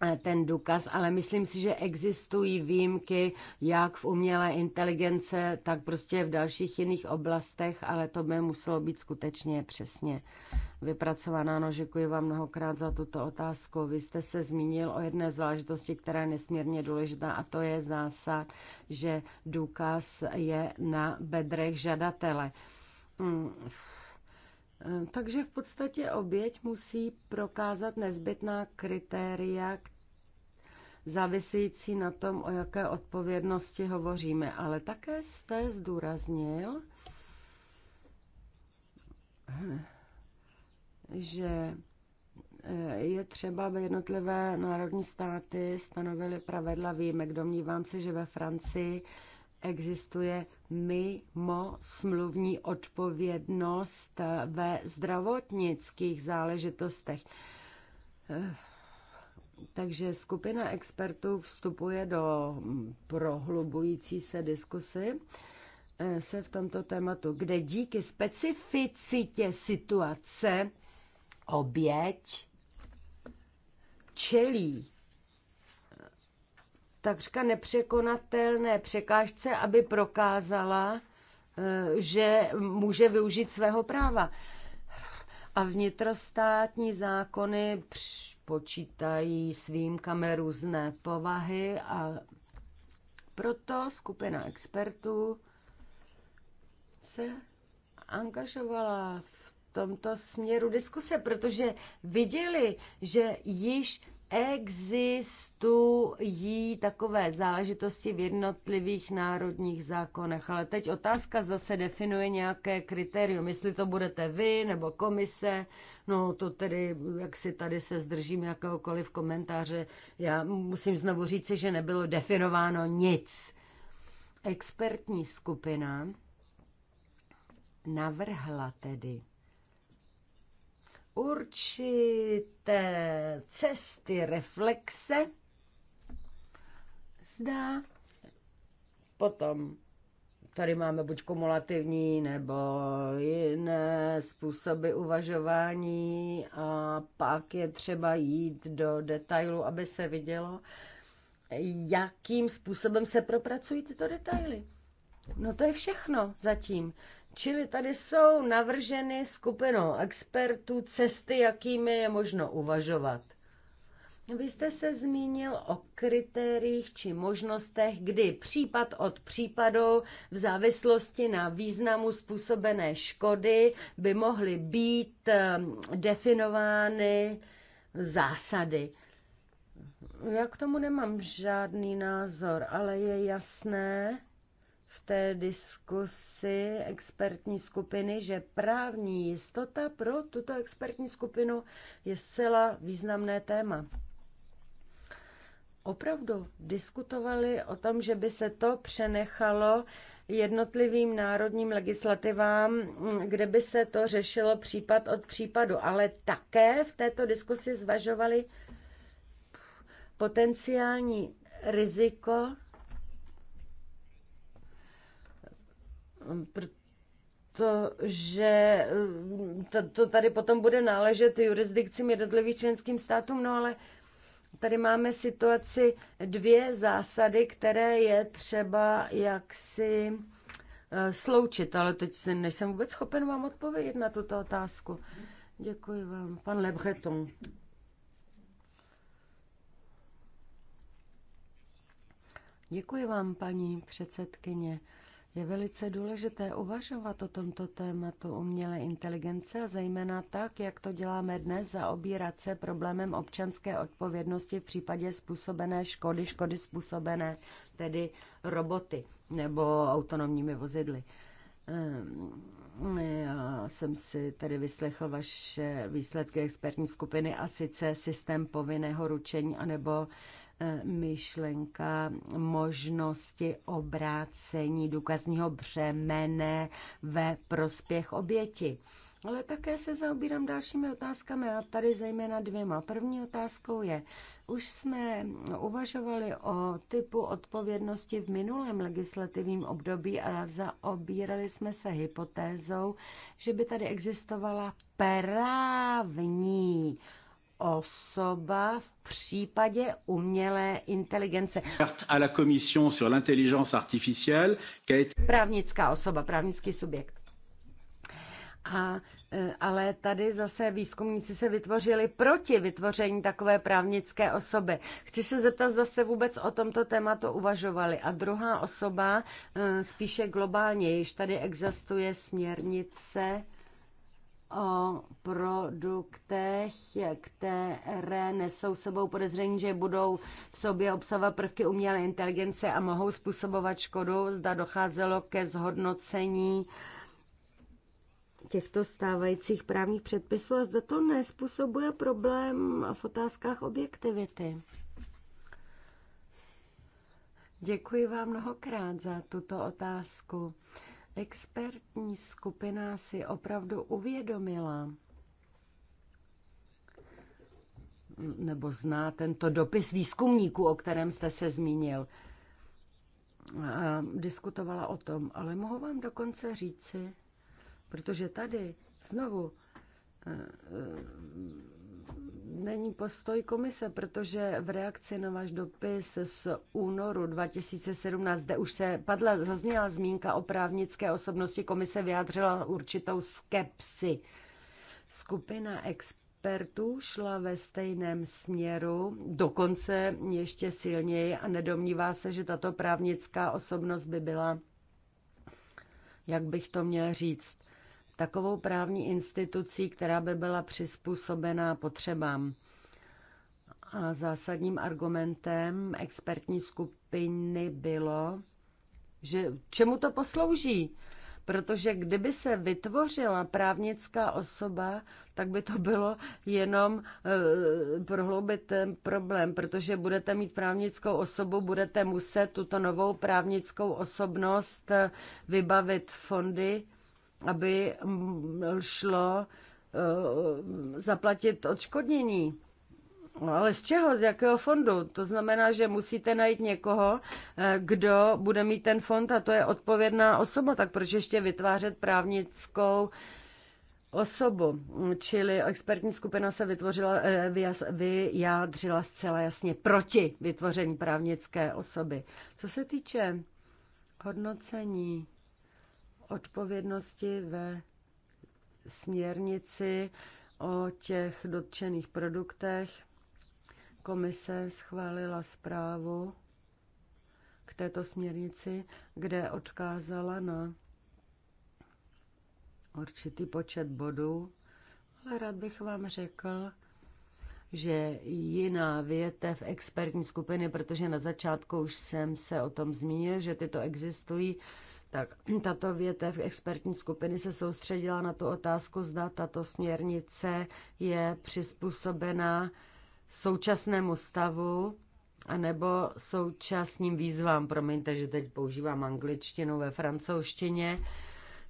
Eh, ten důkaz, ale myslím si, že existují výjimky jak v umělé inteligence, tak prostě v dalších jiných oblastech, ale to by muselo být skutečně přesně vypracováno. No, děkuji vám mnohokrát za tuto otázku. Vy jste se zmínil o jedné záležitosti, která je nesmírně důležitá a to je zásad, že důkaz je na bedrech žadatele. Hmm Eh, takže v podstatě oběť musí prokázat nezbytná kritéria závisící na tom, o jaké odpovědnosti hovoříme. Ale také jste zdůraznil, eh, že eh, je třeba, aby jednotlivé národní státy stanovily pravidla výjimek. Domnívám se, že ve Francii existuje mimo smluvní odpovědnost ve zdravotnických záležitostech. Eh, takže skupina expertů vstupuje do prohlubující se diskusy eh, se v tomto tématu, kde díky specificitě situace oběť čelí takřka nepřekonatelné překážce, aby prokázala, eh, že může využít svého práva. A vnitrostátní zákony počítají s výjimkami různé povahy a proto skupina expertů se angažovala v tomto směru diskuse, protože viděli, že již existují takové záležitosti v jednotlivých národních zákonech. Ale teď otázka zase definuje nějaké kritérium. Jestli to budete vy nebo komise, no to tedy, jak si tady se zdržím jakéhokoliv komentáře, já musím znovu říci, že nebylo definováno nic. Expertní skupina navrhla tedy určité cesty reflexe, zdá, potom tady máme buď kumulativní nebo jiné způsoby uvažování a pak je třeba jít do detailu, aby se vidělo, jakým způsobem se propracují tyto detaily. No to je všechno zatím. Čili tady jsou navrženy skupinou expertů cesty, jakými je možno uvažovat. Vy jste se zmínil o kritériích či možnostech, kdy případ od případu v závislosti na významu způsobené škody by mohly být ehm, definovány zásady. Já k tomu nemám žádný názor, ale je jasné, v té diskusi expertní skupiny, že právní jistota pro tuto expertní skupinu je zcela významné téma. Opravdu diskutovali o tom, že by se to přenechalo jednotlivým národním legislativám, kde by se to řešilo případ od případu, ale také v této diskusi zvažovali potenciální riziko protože eh, to tady potom bude náležet jurisdikcím jednotlivých členským státům, no ale tady máme situaci dvě zásady, které je třeba jaksi eh, sloučit, ale teď nejsem vůbec schopen vám odpovědět na tuto otázku. Děkuji vám. Pan Lebreton. Děkuji vám, paní předsedkyně. Je velice důležité uvažovat o tomto tématu umělé inteligence a zejména tak, jak to děláme dnes, zaobírat se problémem občanské odpovědnosti v případě způsobené škody, škody způsobené tedy roboty nebo autonomními vozidly. Ehm, já jsem si tedy vyslechl vaše výsledky expertní skupiny a sice systém povinného ručení anebo Eh, myšlenka možnosti obrácení důkazního břemene ve prospěch oběti. Ale také se zaobírám dalšími otázkami a tady zejména dvěma. První otázkou je, už jsme uvažovali o typu odpovědnosti v minulém legislativním období a zaobírali jsme se hypotézou, že by tady existovala právní osoba v případě umělé inteligence. À la commission sur l'intelligence artificielle, Právnická osoba, právnický subjekt. A, e, ale tady zase výzkumníci se vytvořili proti vytvoření takové právnické osoby. Chci se zeptat, zda jste vůbec o tomto tématu uvažovali. A druhá osoba, e, spíše globálně, již tady existuje směrnice o produktech, které nesou sebou podezření, že budou v sobě obsahovat prvky umělé inteligence a mohou způsobovat škodu, zda docházelo ke zhodnocení těchto stávajících právních předpisů a zda to nespůsobuje problém v otázkách objektivity. Děkuji vám mnohokrát za tuto otázku expertní skupina si opravdu uvědomila, nebo zná tento dopis výzkumníků, o kterém jste se zmínil. A diskutovala o tom, ale mohu vám dokonce říci, protože tady znovu eh, není postoj komise, protože v reakci na váš dopis z únoru 2017, kde už se padla, zazněla zmínka o právnické osobnosti, komise vyjádřila určitou skepsi. Skupina expertů šla ve stejném směru, dokonce ještě silněji a nedomnívá se, že tato právnická osobnost by byla, jak bych to měl říct, takovou právní institucí, která by byla přizpůsobená potřebám. A zásadním argumentem expertní skupiny bylo, že čemu to poslouží? protože kdyby se vytvořila právnická osoba, tak by to bylo jenom e, prohloubit ten problém, protože budete mít právnickou osobu, budete muset tuto novou právnickou osobnost eh, vybavit fondy aby mm, šlo eh, zaplatit odškodnění. No ale z čeho? Z jakého fondu? To znamená, že musíte najít někoho, eh, kdo bude mít ten fond a to je odpovědná osoba, tak proč ještě vytvářet právnickou osobu? Čili expertní skupina se vytvořila, eh, vyjádřila zcela jasně proti vytvoření právnické osoby. Co se týče hodnocení odpovědnosti ve směrnici o těch dotčených produktech. Komise schválila zprávu k této směrnici, kde odkázala na určitý počet bodů, ale rád bych vám řekl, že jiná větev expertní skupiny, protože na začátku už jsem se o tom zmínil, že tyto existují, tak tato větev expertní skupiny se soustředila na tu otázku, zda tato směrnice je přizpůsobena současnému stavu anebo současným výzvám. Promiňte, že teď používám angličtinu ve francouzštině.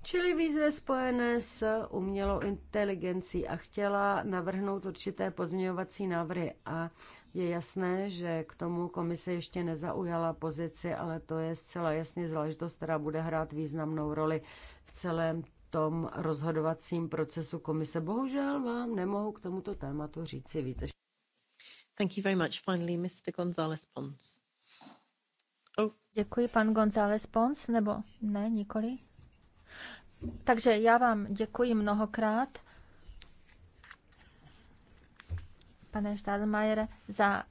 Čili výzvy spojené s umělou inteligencí a chtěla navrhnout určité pozměňovací návrhy. A je jasné, že k tomu komise ještě nezaujala pozici, ale to je zcela jasně záležitost, která bude hrát významnou roli v celém tom rozhodovacím procesu komise. Bohužel vám nemohu k tomuto tématu říci více. Thank you very much. Finally, Mr. González Pons. Oh. Děkuji, pan González Pons, nebo ne, nikoli. Takže já vám děkuji mnohokrát pane Stadmajere, za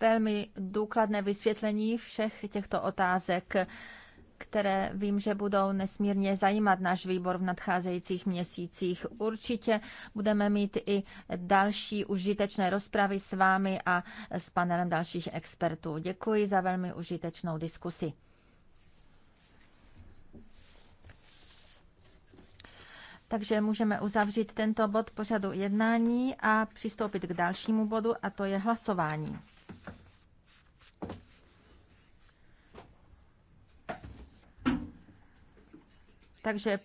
velmi důkladné vysvětlení všech těchto otázek, které vím, že budou nesmírně zajímat náš výbor v nadcházejících měsících. Určitě budeme mít i další užitečné rozpravy s vámi a s panelem dalších expertů. Děkuji za velmi užitečnou diskusi. Takže můžeme uzavřít tento bod pořadu jednání a přistoupit k dalšímu bodu, a to je hlasování. Takže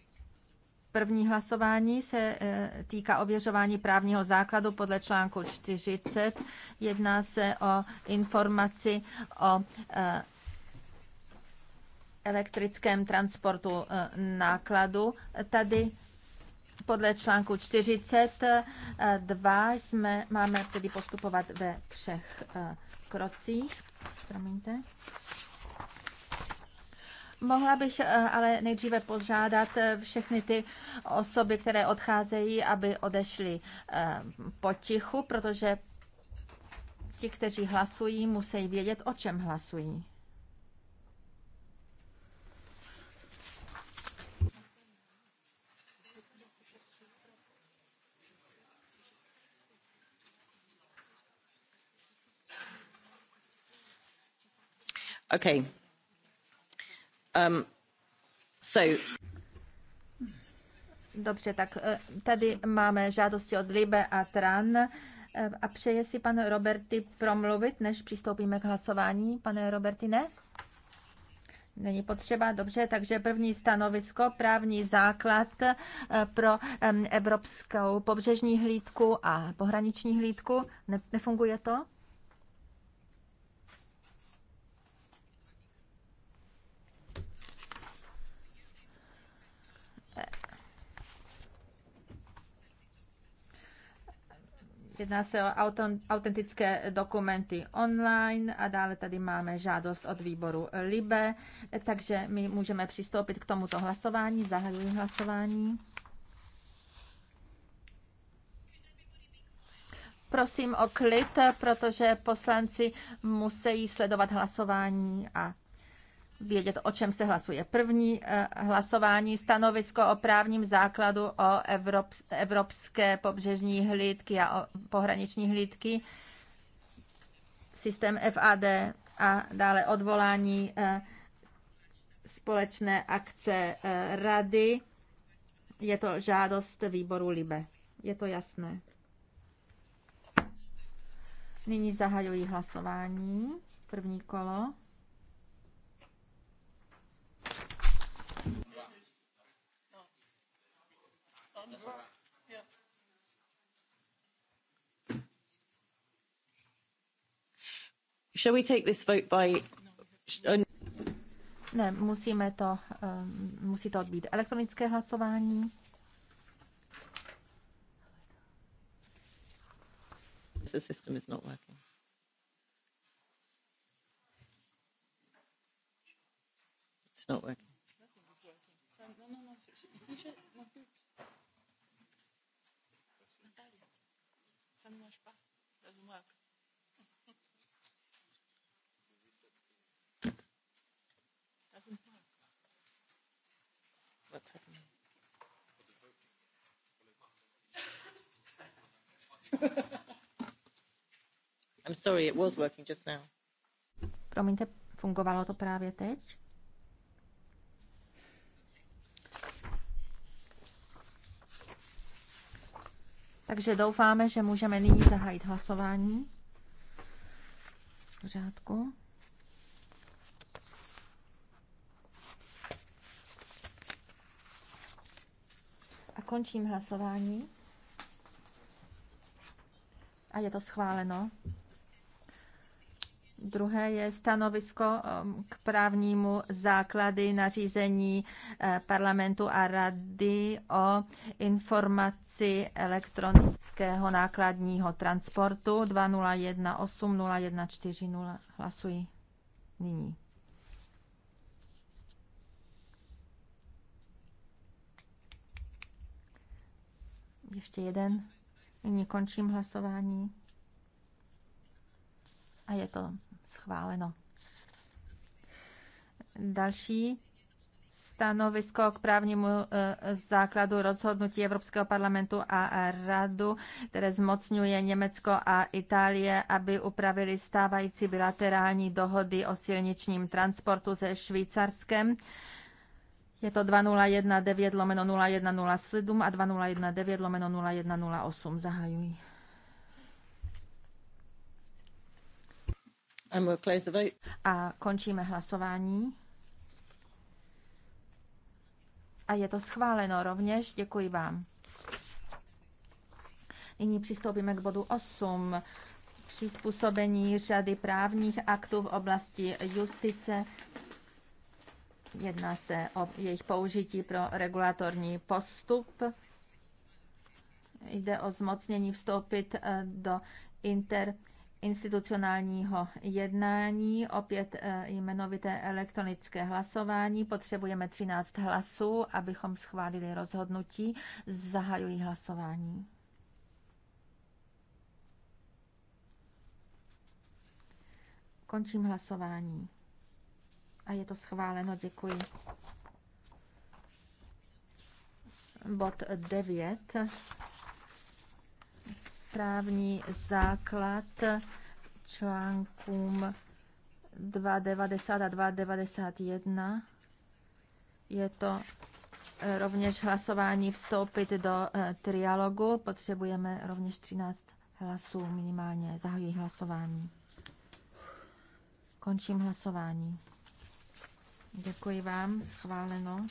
První hlasování se e, týká ověřování právního základu podle článku 40. Jedná se o informaci o e, elektrickém transportu e, nákladu. Tady podle článku 42 jsme, máme tedy postupovat ve třech eh, krocích. Promiňte. Mohla bych eh, ale nejdříve požádat eh, všechny ty osoby, které odcházejí, aby odešly potichu, protože ti, kteří hlasují, musí vědět, o čem hlasují. Um, dobře, tak eh, tady máme žádosti od Libe a Tran. Eh, a přeje si pan Roberty promluvit, než přistoupíme k hlasování? Pane Roberty, ne? Není potřeba, dobře, takže první stanovisko, právní základ eh, pro Evropskou pobřežní hlídku a pohraniční hlídku. Nefunguje to? Jedná se o autentické dokumenty online a dále tady máme žádost od výboru LIBE, takže my můžeme přistoupit k tomuto hlasování. Zahajuji hlasování. Prosím o klid, protože poslanci musí sledovat hlasování a vědět, o čem se hlasuje. První eh, hlasování stanovisko o právním základu o evropské pobřežní hlídky a o pohraniční hlídky, systém FAD a dále odvolání eh, společné akce eh, rady. Je to žádost výboru LIBE. Je to jasné. Nyní zahajuji hlasování. První kolo. Shall we take this vote by... Ne, musíme to, um, musí to být elektronické hlasování. The system is not working. It's not working. 27. (laughs) I'm sorry, it was working just now. Promiňte, fungovalo to právě teď? Takže doufáme, že můžeme nyní zahájit hlasování. V pořádku. Končím hlasování. A je to schváleno. Druhé je stanovisko um, k právnímu základy nařízení eh, parlamentu a rady o informaci elektronického nákladního transportu 2018 0140. Hlasuji nyní. Ještě jeden. Nyní končím hlasování. A je to schváleno. Další stanovisko k právnímu eh, základu rozhodnutí Evropského parlamentu a radu, které zmocňuje Německo a Itálie, aby upravili stávající bilaterální dohody o silničním transportu se Švýcarskem. Je to 2019 lomeno 0107 a 2019 lomeno 0108. Zahajuji. A končíme hlasování. A je to schváleno rovněž. Děkuji vám. Nyní přistoupíme k bodu 8. Přizpůsobení řady právních aktů v oblasti justice Jedná se o jejich použití pro regulatorní postup. Jde o zmocnění vstoupit eh, do inter institucionálního jednání, opět eh, jmenovité elektronické hlasování. Potřebujeme 13 hlasů, abychom schválili rozhodnutí. Zahajují hlasování. Končím hlasování. A je to schváleno, děkuji. Bod 9. Právní základ článkům 290 a 291. Je to eh, rovněž hlasování vstoupit do eh, trialogu. Potřebujeme rovněž 13 hlasů minimálně. Zahajuji hlasování. Končím hlasování. Děkuji vám, schváleno.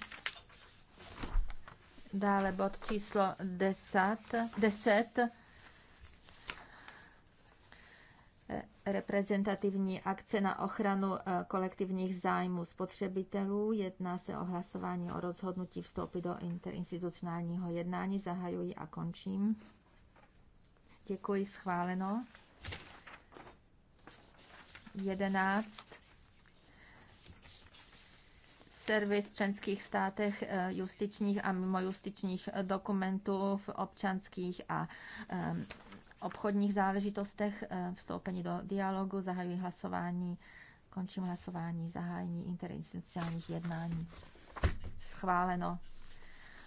Dále bod číslo 10. 10 reprezentativní akce na ochranu eh, kolektivních zájmů spotřebitelů. Jedná se o hlasování o rozhodnutí vstoupit do interinstitucionálního jednání. Zahajuji a končím. Děkuji, schváleno. 11 servis v členských státech eh, justičních a mimojustičních eh, dokumentů v občanských a eh, obchodních záležitostech, vstoupení do dialogu, zahajují hlasování, končím hlasování, zahájení interinstitucionálních jednání. Schváleno.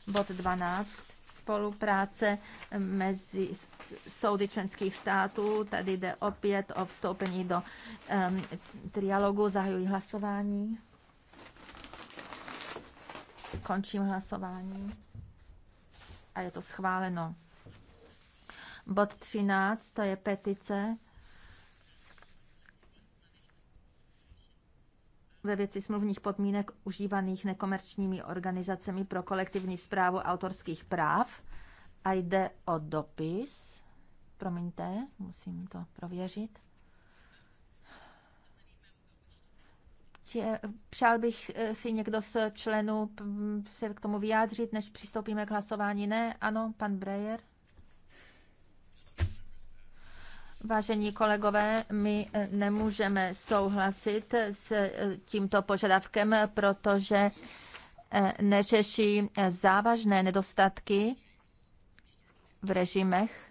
Bod 12. Spolupráce mezi soudy členských států. Tady jde opět o vstoupení do um, trialogu, zahajují hlasování. Končím hlasování. A je to schváleno. Bod 13, to je petice ve věci smluvních podmínek užívaných nekomerčními organizacemi pro kolektivní zprávu autorských práv. A jde o dopis. Promiňte, musím to prověřit. Eh, přál bych eh, si někdo z členů se k tomu vyjádřit, než přistoupíme k hlasování. Ne? Ano, pan Breyer. Vážení kolegové, my eh, nemůžeme souhlasit s tímto požadavkem, protože neřeší závažné nedostatky v režimech,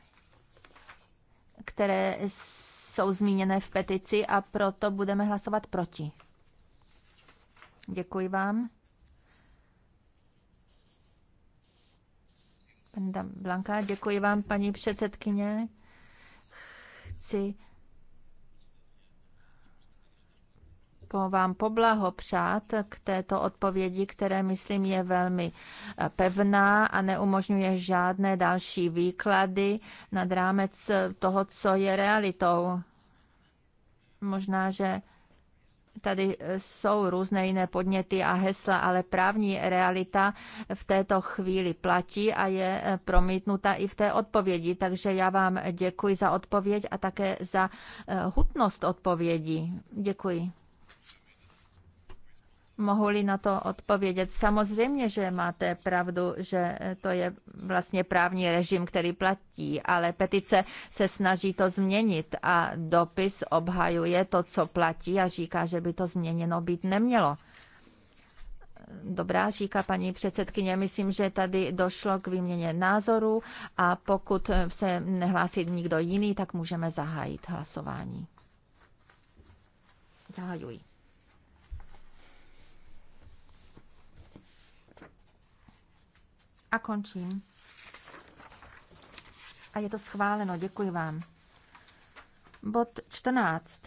které jsou zmíněné v petici a proto budeme hlasovat proti. Děkuji vám. Panda Blanka, děkuji vám, paní předsedkyně. Chci po vám poblahopřát k této odpovědi, které myslím je velmi eh, pevná a neumožňuje žádné další výklady nad rámec toho, co je realitou. Možná, že Tady e, jsou různé jiné podněty a hesla, ale právní realita v této chvíli platí a je e, promítnuta i v té odpovědi. Takže já vám děkuji za odpověď a také za e, hutnost odpovědi. Děkuji. Mohu-li na to odpovědět? Samozřejmě, že máte pravdu, že to je vlastně právní režim, který platí, ale petice se snaží to změnit a dopis obhajuje to, co platí a říká, že by to změněno být nemělo. Dobrá, říká paní předsedkyně, myslím, že tady došlo k výměně názoru a pokud se nehlásí nikdo jiný, tak můžeme zahájit hlasování. Zahajuji. A končím. A je to schváleno, děkuji vám. Bod 14.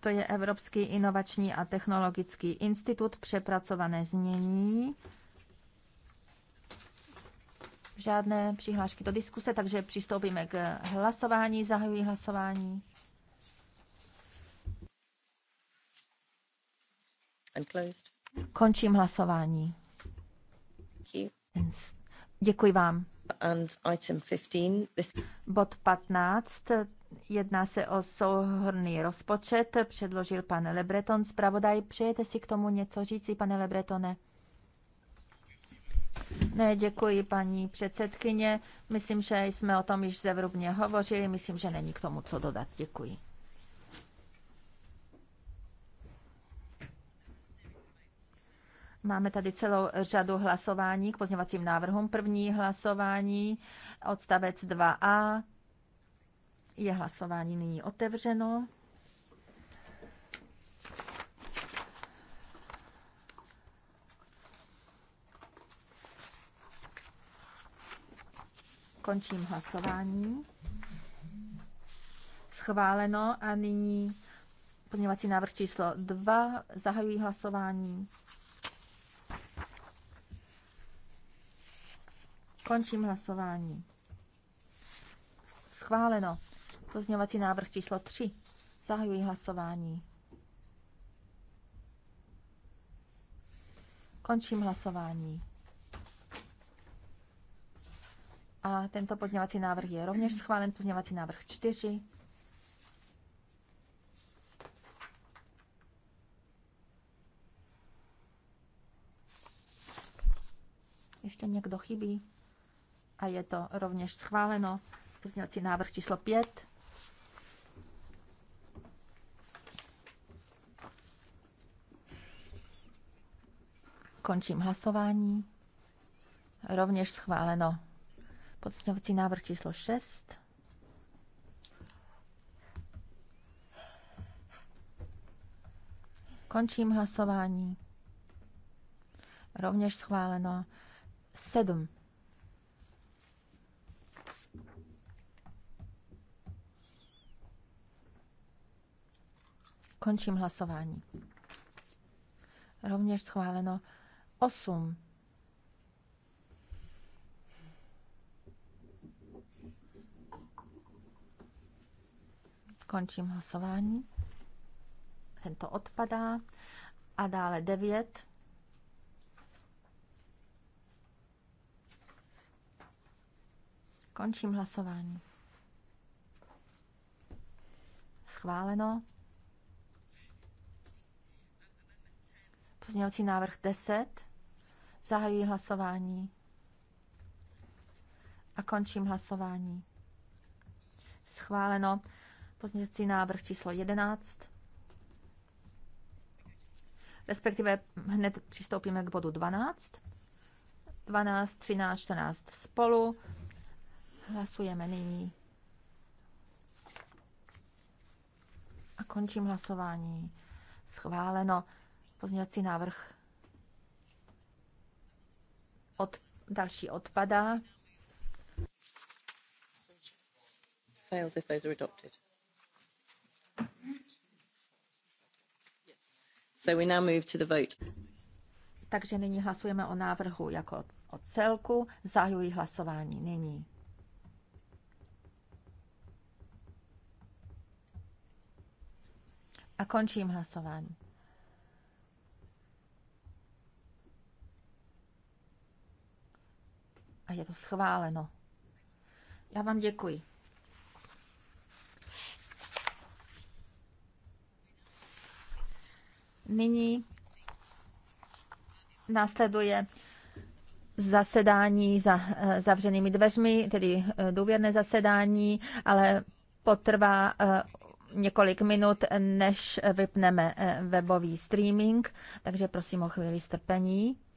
To je Evropský inovační a technologický institut přepracované znění. Žádné přihlášky do diskuse, takže přistoupíme k hlasování. Zahajuji hlasování. And closed. Končím hlasování. Děkuji vám. And item 15, this... Bod 15. Jedná se o souhrný rozpočet, předložil pan Lebreton. Zpravodaj, přejete si k tomu něco říci, pane Lebretone? Ne, děkuji, paní předsedkyně. Myslím, že jsme o tom již zevrubně hovořili. Myslím, že není k tomu co dodat. Děkuji. Máme tady celou řadu hlasování k pozněvacím návrhům. První hlasování, odstavec 2a, je hlasování nyní otevřeno. Končím hlasování. Schváleno a nyní pozměňovací návrh číslo 2. Zahajuji hlasování. Končím hlasování. Schváleno. Pozměňovací návrh číslo 3. Zahajuji hlasování. Končím hlasování. A tento pozměňovací návrh je rovněž schválen. Pozměňovací návrh 4. Ještě někdo chybí? a je to rovněž schváleno. Pozměňovací návrh číslo 5. Končím hlasování. Rovněž schváleno. Pozměňovací návrh číslo 6. Končím hlasování. Rovněž schváleno. 7. Končím hlasování. Rovněž schváleno 8. Končím hlasování. Tento odpadá. A dále 9. Končím hlasování. Schváleno. Pozměňovací návrh 10. Zahajuji hlasování. A končím hlasování. Schváleno. Pozměňovací návrh číslo 11. Respektive hned přistoupíme k bodu 12. 12, 13, 14 spolu. Hlasujeme nyní. A končím hlasování. Schváleno. Pozměňovací návrh od, další odpadá. Fails if those are adopted. So we now move to the vote. Takže nyní hlasujeme o návrhu jako o celku. Zahajuji hlasování nyní. A končím hlasování. A je to schváleno. Já vám děkuji. Nyní následuje zasedání za eh, zavřenými dveřmi, tedy eh, důvěrné zasedání, ale potrvá eh, několik minut, než vypneme webový streaming, takže prosím o chvíli strpení.